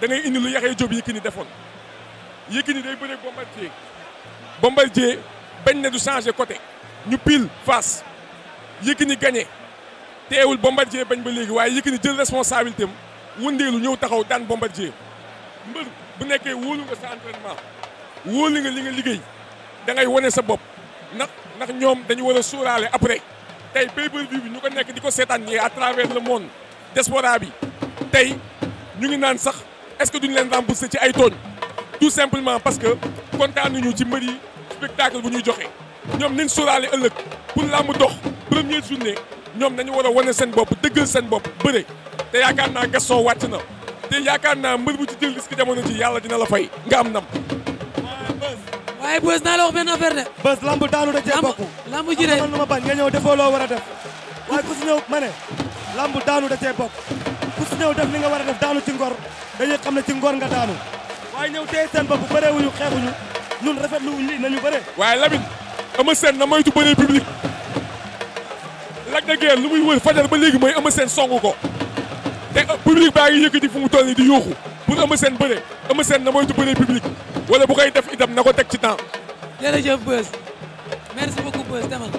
dangay indi lu yaxee job ni defoon Yékini day bëre Bombardier Bombardier bañ ne du changé côté ñu pile face Yékini gagné teewul Bombardier bañ ba léegi waaye Yékini jël responsabilité am wëndeelu ñëw taxaw daan Bombardier mbër bu nekkee wóolu nga sa entraînement. wóolu nga li nga liggéey da ngay wane sa bopp ndax ndax ñoom dañu war a suuraale après tey pay per bi ñu ko nekk di ko seetaan ñi à travers le monde diaspora bi tey ñu ngi naan sax est-ce que duñu leen rembourser ci ay tooñ tout simplement parce que kontaan nañu yi mbëri spectacle bu ñuy joxe ñoom nañ suuraale ëllëg pour làmb dox première journée ñoom dañu war a wane seen bopp dëggal seen bopp bëre te yaakaar naa Gaston wàcc na te yaakaar naa mbër bu ci jël risque jamono yàlla dina la fay nga am ndam waaye bës naa la wax benn affaire de. bës lamb daanu de cee bokk. lamb ji de man lu ma bañ nga ñëw defoo loo war a def waaye ku ne lamb daanu da cee bokk ku si ñëw def li nga war a def daanu ci ngor dañuy xam ne ci ngor nga daanu waaye ñëw tey seen bopp bëree wuñu xeexuñu ñun rafetlu wuñ lii nañu bëree. waaye Lamine ama seen na moytu bëree public Lac de Guiers lu muy wër fajar ba léegi mooy ama seen songu ko te public baa ngi yëkkati fu mu toll nii di yuuxu. bu ëmm seen bëre ëmm seen na moytu bëre public wala bu koy def itam na ko teg ci temps. jërëjëf Beuz merci beaucoup Beuz demal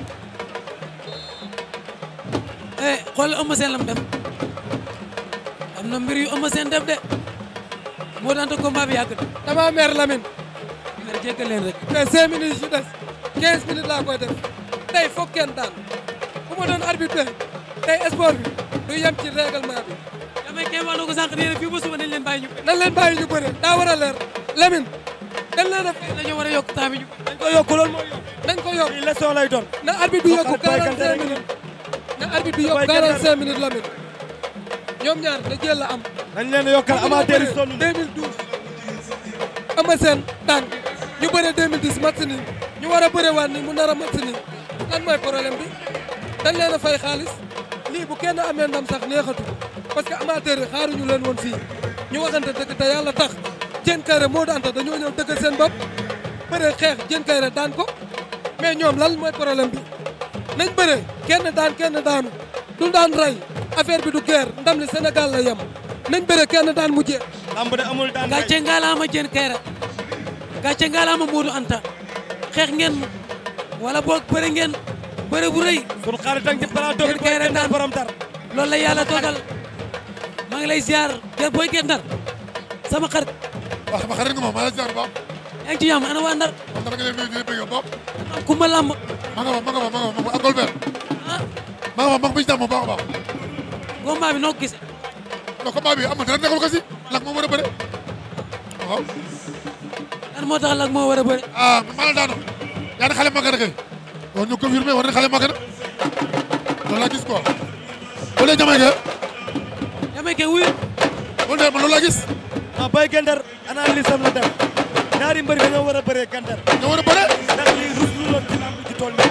eh xool ëmm seen la mu def am na mbir yu ëmm seen def de moo tax combat bi yàgg na. dama mer Lamine. mer jéggal leen rek. mais 5 minutes yu des 15 minutes laa koy def tey foog daan bu ma doon arbitre tey sport bi du yem ci règlement bi. mais kenn wax na ko sànq nee na fii ba suba dañ leen bàyyi ñu bëri. dañ leen bàyyi ñu bëri daa war a leer Lamine. dañ leen a fay dañoo war a yokk temps bi dañ ko yokk loolu mooy yokk. dañ ko yokk lii leçon lay doon. na arbitre bi yokk 45 minutes na arbitre bi yokk 45 minutes Lamine. ñoom ñaar da jël la am. dañ leen a yokkal amateur yi sonn 2012. ama seen tànk ñu bëree 2010 match nii ñu war a bëree waat nii mu nar a match nii lan mooy problème bi dañ leen a fay xaalis lii bu kenn amee ndam sax neexatu parce que amateur yi xaaruñu leen woon fii ñu waxante dëgg yàlla tax Diène Kaïré Modou Anta dañoo ñëw dëggal seen bopp bëre xeex Diène Kaïré daan ko mais ñoom lan mooy problème bi nañ bëre kenn daan kenn daanu du daan rey affaire bi du guerre ndam li Sénégal la yem nañ bëre kenn daan mujjee. lamb de amul daan rey gàcce ngalaama Diène Anta xeex ngeen wala boog bëre ngeen bëre bu rëy. sunu xarit ci plateau bi borom dara loolu la yàlla dogal. maa ngi lay ziar jër booy geet ndar sama xarit waaw sama xarit nga moom lay ziar bu baax waa ndar man dama ngi ma làmb ma nga ma nga ma nga ma ak Golbert ah a baax noo ko gisee non combat lak moo war a bëre waaw lan moo tax lak moo war a bëre ah maa la daanu yaa na xale màgg na kay war ñu confirmé war na xale màgg na loolu laa gis quoi bu dee jamaay nga ma wuyu. Golder ba loolu laa gis. ah Baye Golder dañoo war a bëree Golder. dañoo war a bëree. ndax lii ruus lu doon ci lamb ji toll nii.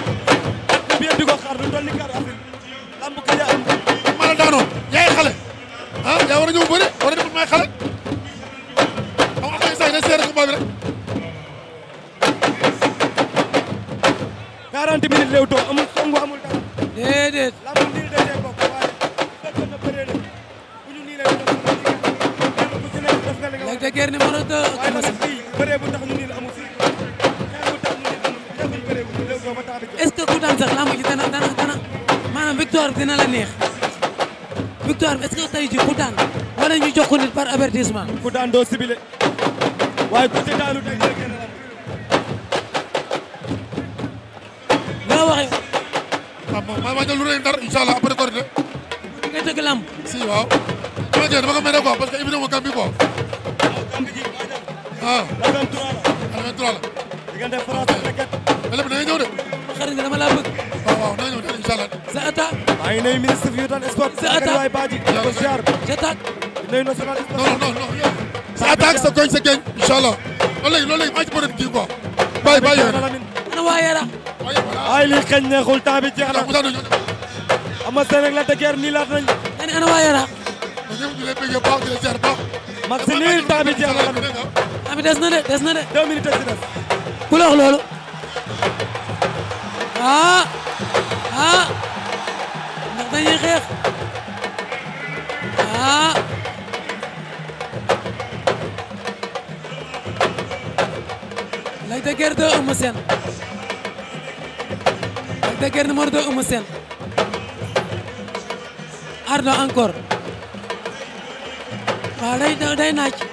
at bi yëpp di daanoon yaay xale. Ah, yaa war a ñëw bëri war a def xale. xam nga ay sax day seere combat bi rek. guerre ne mën a dë. waaye nag fii bëree bu tax ñu nii amul fii bu bi. est-ce que ku daan sax lamb ji dana dana dana maanaam victoire bi dina la neex victoire bi est-ce que tey ku daan wala ñu jox ko nit par avertissement. ku daan doo sibile waaye ku ci daanu tey jii génn la. nga waxee. waaw moom maa waajal lu rëy ndar incha allah après Korité. nga tëgg lamb. si waaw. dama jël dama ko mel ne quoi ah armée 3 la armée 3 la diggante France ak Leket lépp dana ñëw de xarit nga dama laa bëgg waaw waaw dana ñëw de inshallah sa ata maa ngi nuyu ministre fi tan sport sa ata waay baaji jaar jatak nuyu national non non non sa attaque sa goñ sa geñ inshallah loolu léegi loolu léegi maa ci bëri kii quoi bàyyi bàyyi ana waa Yara ay lii xëñ neexul temps bi jeex na ama seen ak la de guerre nii laat nañ ana waa Yara ñu ngi lay bëgg baax di la ziar baax maxi nii temps bi jeex na temps bi des na de des na de. deux minutes des na. ku la wax loolu. ah ah ndax dañuy xeex ah. Lac de Guiers 2 Eumeu Sène. Lac de Guiers numéro 2 Eumeu Sène. Ardo encore. waaw day day naaj.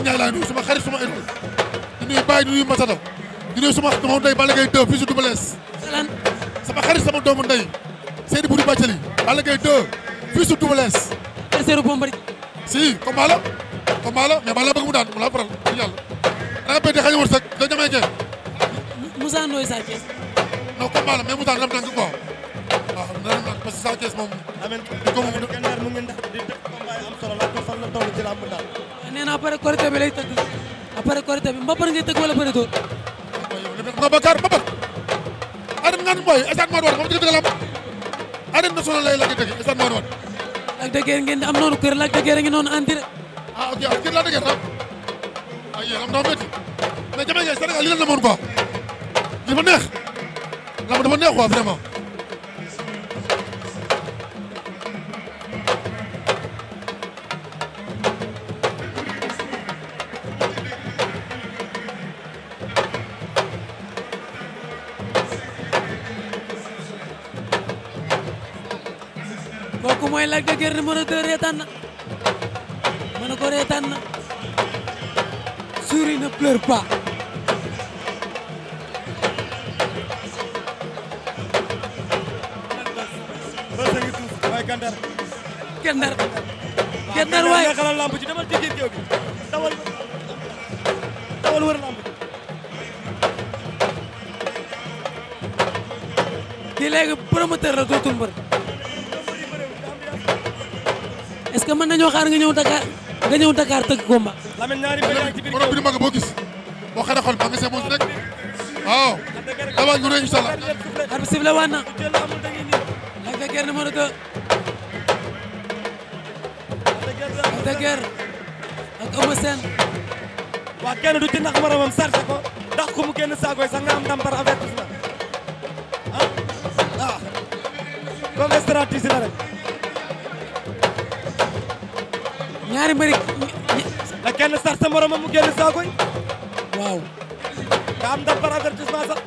Serigne Ndiaye laa nuyu suma xarit suma ennemi di nuyu Baye di nuyu Masada di nuyu suma doomu ndey Balla Gaye 2 fii si Double Less sama xarit sama doomu ndey Seydou Boudi Bathily Balla Gaye 2 fii si Double Less. si combat la combat bëgg mu daan mu la faral di yàlla danga béy di xañ wërsëg da jamee ngeen. Moussa Ndoye Sa Thiès. non combat la mais Moussa dam dànk quoi waaw dam dànk parce que Sa Thiès moom. amen di ko mu gànnaar mu ngi ndax di def combat am solo la ko fan la toll ci làmb daal nee na après korité bi lay tëgg après korité bi mbapat ngay tëgg wala bëri dóor Babacar mbapat arène ngaan mboy stade Mor Wan moom dëgg dëgg làmb arène national lay la di tëgg stade Mor Wan Lac de Guiers ngeen am noonu kër Lac de Guiers ngi noonu en direct ah ok kër Lac de Guiers ay ah, yéen dafa métti mais jamono Sénégal li leen la moon quoi dafa neex làmb dafa neex quoi vraiment Guiers numéro 2 reetaan na ma ne ko reetaan na souris ne pleure pas Gandar Gandar Gandar waay nga xalal lamb ji demal ci biir géew bi dawal dawal wër lamb ji di léegi promoteur la dootul mbër ñoo xaar nga ñëw Dakar nga ñëw Dakar tëgg combat. Lamine ñaari mbéy ak ci biir borom bi ma ko boo gis boo xoolee xol ba nga seetlu rek waaw. damaa ñu rëy incha a arbitre sifflé waat na. Lac de Guiers numéro 2. Lac de Guiers ak Eumeu Sène. waa ko ndax ku mu génn saako sax nga am ndam par avertissement ah ah. comme rek. ñaari mbëri. la kenn sar sa moromam mu génn saakoy. waaw. da am ndam par avertissement sax.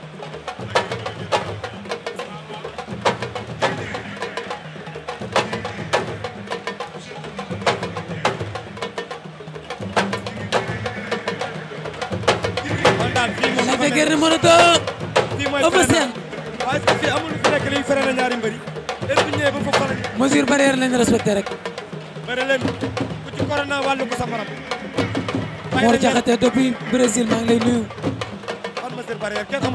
man daal fii moom dafa mel ni moom seen. waaye est-ce que fii amul fi nekk liy fere na ñaari mbëri. la. mesure barrière rek. leen. corona wàllu ko sa morom. depuis Brésil maa ngi lay nuyu. kon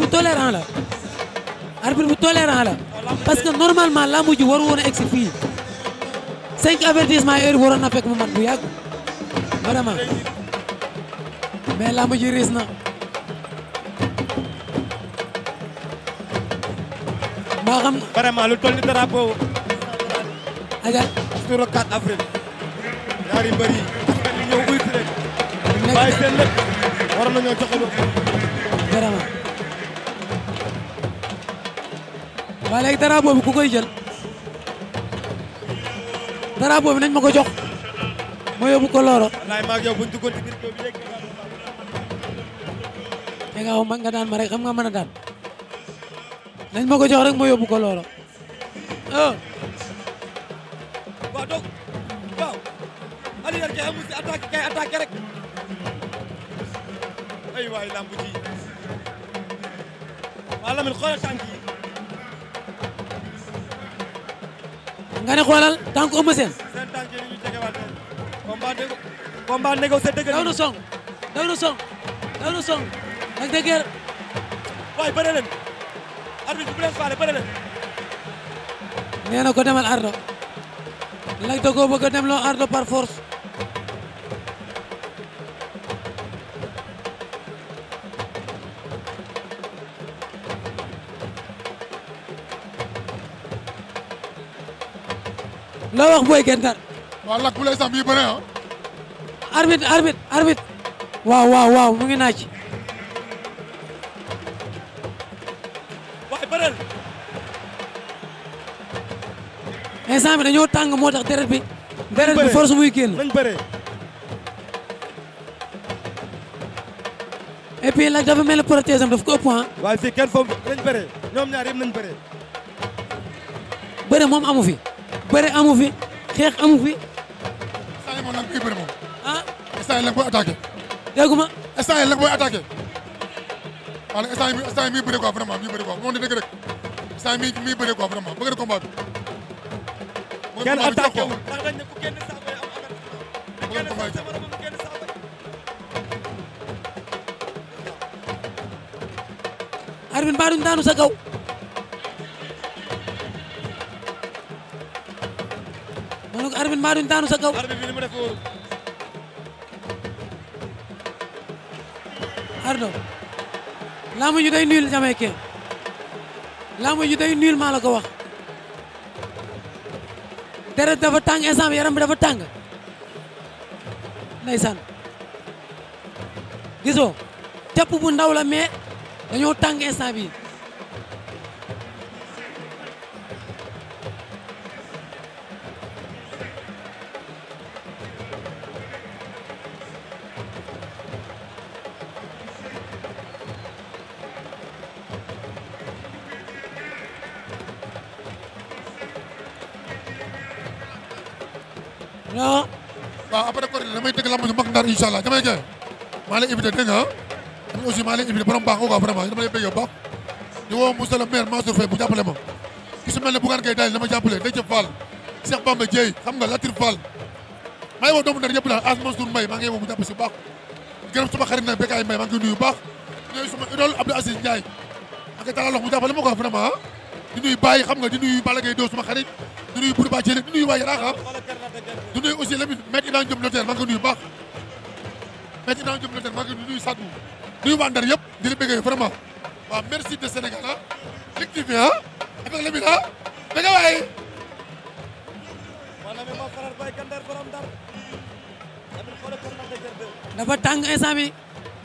bu tolérant la. parce que normalement lamb ji waru woon a egsi fii. cinq avertissement yooyu waroon na fekk mu mat bu yàgg. vraiment mais lamb ji riis na. maa xam nga vraiment lu toll ni drapeau. aja sur le avril. ñaari mbër yi. li ñëw uy si rek. bàyyi seen lépp. waroon nañoo joxe lu. vraiment. waaye léegi drapeau ku koy jël. drapeau bi nañ ma ko jox. ma yóbbu ko Loro. wallaay maa ngi nga daan ma rek xam nga mën a daan. nañ ma ko jox rek ma yóbbu ko loola ah. waaw donc waaw Aliou Yarkee amul si attaque kay attaque rek ay waay lamb ji waaw Lamine xoolal tànk yi. nga ne xoolal tànk Eumeu Sène. seen tànk yi ñu jegewaat tey combat négo combat négocié dëgg daw na song daw na song daw na song ak dëgër waay bëre leen arbitre bi bu leen faale bëri leen nee na ko demal Ardo Lac da koo bëgg a demloo Ardo par force loo wax booy gentar waaw Lac bu lay sam yi bëre ah arbitre arbitre arbitre waaw waaw waaw mu ngi naaj instant bi dañoo tàng moo tax deret bi. deret bi force muy génn nañ bëree. et puis nag dafa mel ni protège am ko ëpp ah. waaye fii kenn foofu nañ bëree ñoom ñaar yëpp nañ bëree. bëre moom amu fi. bëre amu fi xeex amu fi. instant yii moom lan koy bëre moom. ah instant yii lan koy attaqué. dégguma. instant yii lan koy attaqué. wala instant yii instant yii muy bëre quoi vraiment muy bëre quoi moom di dëgg rek instant kenn attaqué wu arbitre mbaa duñ daanu sa kaw ma ne ko arbitre mbaa duñ daanu sa kaw ardo laamu ji day nuyul jamaïcain laamu ji day nuyul maa la ko wax deret dafa tàng instant bi yaram bi dafa tàng ndeysaan gisoo jàpp bu ndaw la mais dañoo tàng instant lamb ju mag ndar incha allah damay kay maa lay invité dégg nga tamit aussi maa lay invité borom baax nga quoi vraiment dama lay bëgg bu baax di woo monsieur le maire Mansour Faye bu jàppale ma ki su mel ne Bougane Gueye Dany dama jàppale Déthié Fall Cheikh Bamba Dieye xam nga Latir Fall maa ngi doomu ndar yëpp daal As Mansour Mbaye maa ngi woo mu jàpp si bu baax gërëm suma xarit nag Bekaay Mbaye maa ngi nuyu bu baax nuyu suma idole Abdou ma quoi vraiment ah. di nuyu Baye xam nga di nuyu Balla du nuyu Boury Bathily du nuyu waa Yaraax ah. du nuyu aussi Lamine maître Ibrahima Diop notaire maa ngi ko nuyu baax maître Ibrahima Diop notaire maa ngi ko nuyu Sadou Ndar yëpp di la bëggee vraiment waaw merci de Sénégal ah Ligue TV ah avec Lamine ah danga waaye. dafa tàng instant bi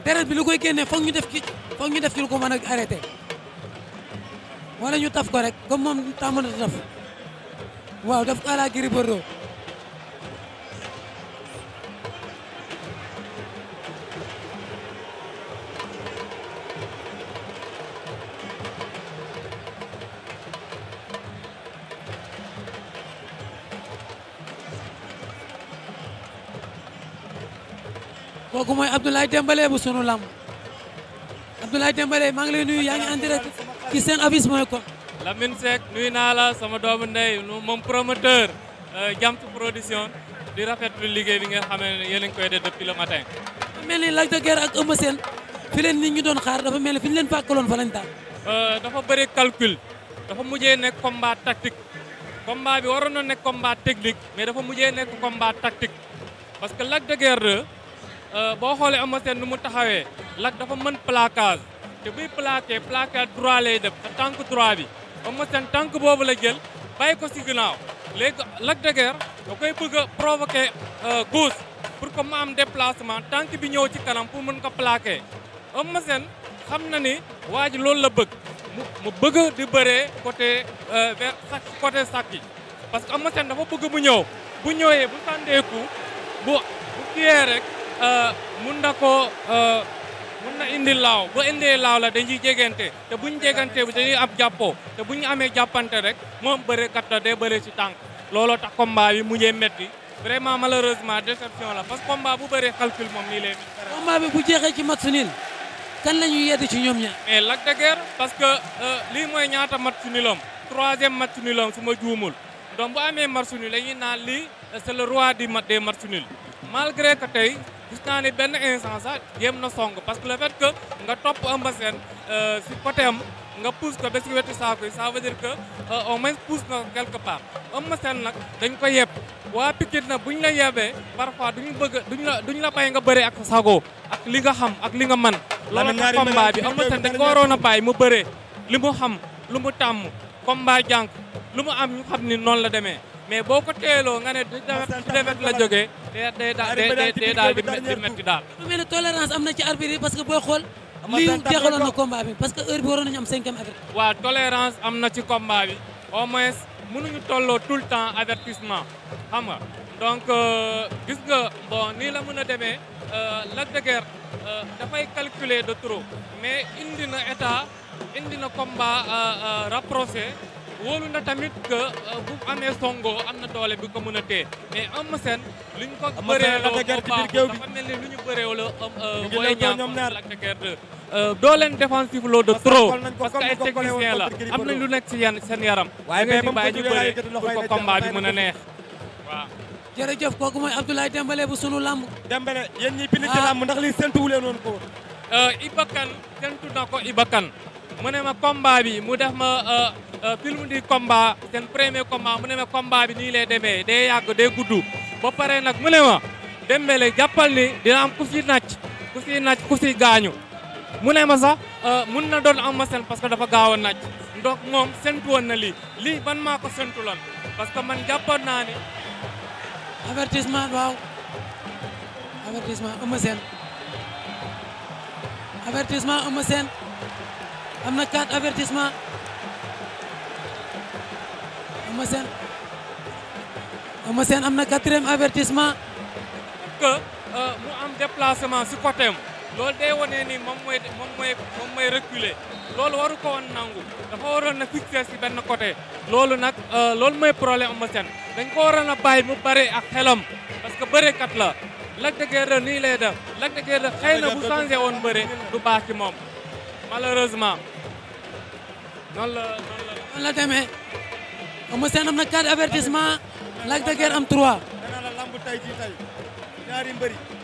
deret bi lu koy génne foog ñu def ki foog ñu def ki lu ko mën a arrêté wala ñu taf ko rek comme moom tàmm na taf. waaw daf ko ala Gris Bordeaux kooku mooy Abdoulaye Dembélé bu sunu lamb Abdoulaye Dembélé maa ngi lay nuyu yaa ngi en direct ci seen avis ko Lamine Seck nuyu naa la sama doomu ndey moom promoteur euh, Jamtu production di rafetlu liggéey bi nga xam ne yéen a ngi koy def depuis le matin. mel ni Lac de Guiers ak Eumeu fi leen nit ñi doon xaar dafa mel ni fi ñu leen fàkkaloon fa lañ taal. Euh, dafa bëri calcul dafa mujjee nekk combat tactique combat bi waroon na nekk combat technique mais dafa mujjee nekk combat tactique parce que Lac de Guiers 2 euh, boo xoolee Eumeu Sène nu mu taxawee Lac dafa mën plaquage te buy plaqué plaqué droit lay def te tànk droit bi. Eumeu Sène tànk boobu la jël bàyyi ko si ginnaaw léegi Lac de Guiers koy bëgg a provoquer euh, gauche pour que mu am déplacement tànk bi ñëw ci kanam pour mën ko plaquer Eumeu Sène xam na ni waa ji loolu la bëgg mu bëgg di bëree côté euh, vers sac côté parce que Eumeu Sène dafa bëgg mu ñëw bu ñëwee bu sàndeeku bu bu rek euh, mun na ko mun na indi laaw bu indee laaw la dañuy jegante te bu buñ jegante bi dañuy am jàppoo te bu ñu amee jàppante rek moom bërekat la day bëre ci tànk looloo tax combat bi mujjee métti vraiment malheureusement déception la parce que combat bu bëree calcul moom nii lay combat bi bu jeexee ci match nul kan la ñuy yedd ci ñoom ñaar mais Lac de Guiers parce que euh, lii mooy ñaata mat nulam troisième match nulam su ma juumul donc bu amee match nul la ñuy naan lii euh, c'est le roi du des match nul malgré que tey gis naa ne benn instant sax jéem na song parce que le fait que nga topp ëmba seen euh, si côté am nga pousse ko ba si wetu saako yi ça veut dire que euh, au moins pousse na quelque part ëmba seen nag dañ ko yeb waa Pikine na buñ la yebee parfois ñu bëgg duñ ñu duñ la bàyyi nga bëree ak sago ak li nga xam ak li nga man loolu tax combat bi ëmba seen dañ ko waroon a bàyyi mu bëree li mu xam lu mu tàmm combat jànk lu mu am ñu xam ni noonu la demee mais boo ko teeloo nga ne du defet la jógee day day daal di métti daal dafa mel ne tolérance am na ci arbitre yi parce que booy xool lii jeexaloon na combat bi parce que heure bi waroon nañu am cinquième avertissement waaw tolérance am na ci combat bi au moins mënuñu tolloo tout le temps avertissement xam donc euh, gis nga bon nii la mën a demee euh, Lac de Guiers euh, dafay calculer de trop mais indi na état indi na combat rapproché wóolu na tamit que euh, bu amee songo am na doole bi ko mën a téye mais Eumeu Sène lu ñu ko bëree a ko dafa mel ni lu ñu bëree loo euh, Boy Niang Lac de Guiers 2 euh, doo leen défensif loo de trop parce que ay technicien la am nañ lu nekk ci yan seen yaram waaye mais ba bàyyi ñu bëree pour que combat bi mën a neex waaw kooku mooy Abdoulaye Dembélé bu sunu lamb Dembélé yéen ñi bind ci ah. lamb ndax li seentuwuleen woon ko Ibakan seentu na ko Ibakan mu ne ma combat bi mu def ma euh, euh, film di combat seen premier combat mu ne ma combat bi nii lay demee day yàgg de gudd ba pare nag mu ne ma Dembélé jàppal ni dina am ku si nàcc ku si nàcc ku si gaañu mu ne ma sax euh, mun na doon am ma seen parce que dafa gaaw a nàcc donc moom sentu na li li ban maa ko sentu parce que man jàppoon naa ni avertissement waaw am na quatre avertissement Eumeu Sène am na quatrième avertissement que euh, mu am déplacement si côté am loolu day wone ni moom mooy moom moom mooy reculer loolu waru ko woon nangu dafa waroon na fixer si benn côté loolu nag euh, loolu mooy problème Eumeu dañ ko waroon a bàyyi mu bëre ak xelam parce que kat la Lac de Guiers nii lay def Lac de xëy na bu changé woon bëre du baax ci moom malheureusement. noonu la noonu la demee. Eumeu Sène am na 4 avertissement. Lac de Guiers am 3. dana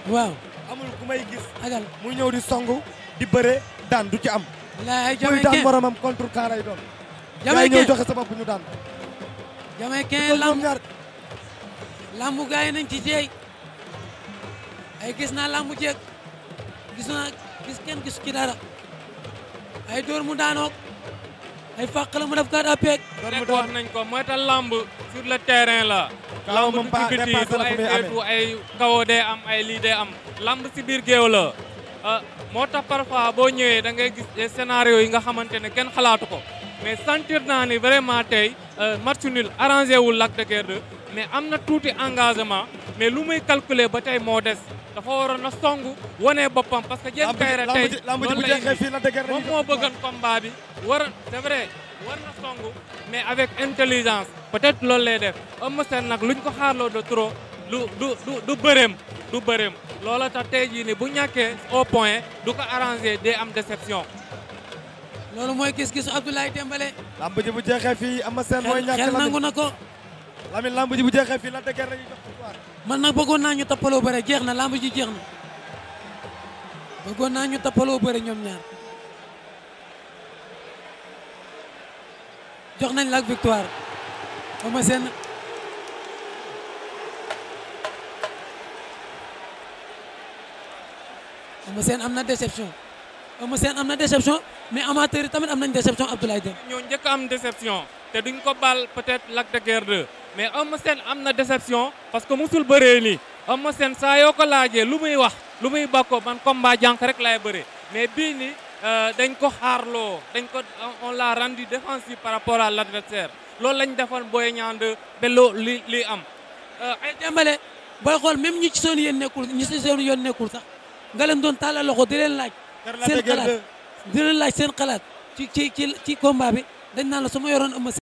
waaw amul ku may gis. agal mu ñëw di songu di bëre daan du ci am. walaay Jamaïcain muy daan moromam contre kaa lay doon. Jamaïcain ñëw joxe sa bopp ñu daan. Jamaïcain lamb lambu gaay nañ ci jeey ay gis naa lambu jeeg gis gis kenn gis ci dara. ay dóor mu daanook ay fàq la mu def kaat à peeg. wax nañ ko mooy ta sur le terrain la. lamb du diggante du ay seetu day am ay lii am. lamb si biir géew la. Ah, moo tax parfois boo ñëwee da ngay gis scénario yi nga xamante ne kenn xalaatu ko mais sentir naa ni vraiment tey euh, match nul arrangé wul Lac de mais am na tuuti engagement mais lu muy calculer ba tey moo des. dafa waroon a songu wane boppam parce que Diène Kaïré tey moom moo bëggoon combat bi war c'est vrai war na songu mais avec intelligence peut-être loolu lay def Eumeu Sène nag luñ ko xaarloo de trop du du du du bëreem loola tax tey jii ni bu ñàkkee au point du ko arrangé day am déception loolu mooy gis-gisu Abdoulaye Dembélé lamb ji bu jeexee fii Eumeu Sène mooy ñàkk xel nangu na lamb ji bu jeexee fii la dëgër la jox man na bëggoon naa ñu tappaloo bëre jeex na lamb ji jeex na bëggoon naa ñu tappaloo bëre ñoom ñaar jox nañ la ak victoire Eumeu Sène am na déception Eumeu Sène am na déception mais amateur yi tamit am nañ déception Abdoulaye Deme ñoo njëkk am déception te duñ ko baal peut-être Lac de mais Eumeu Sène am na déception parce que musul bëree nii Eumeu Sène saa yoo ko laajee lu muy wax lu muy bakko man combat jànk rek laay bëree mais bii nii euh, dañ ko xaarloo dañ ko on l'a rendu défensif par rapport à l'adversaire loolu lañ defoon booy Niang 2 ba loo li li am euh, ay jàmbale booy xool même ñi ci seen yoon nekkul ñi ci seen yoon nekkul sax nga leen doon tàllal loxo di leen laaj seen xalaat di leen laaj seen xalaat ci ci ci ci combat bi dañ naan la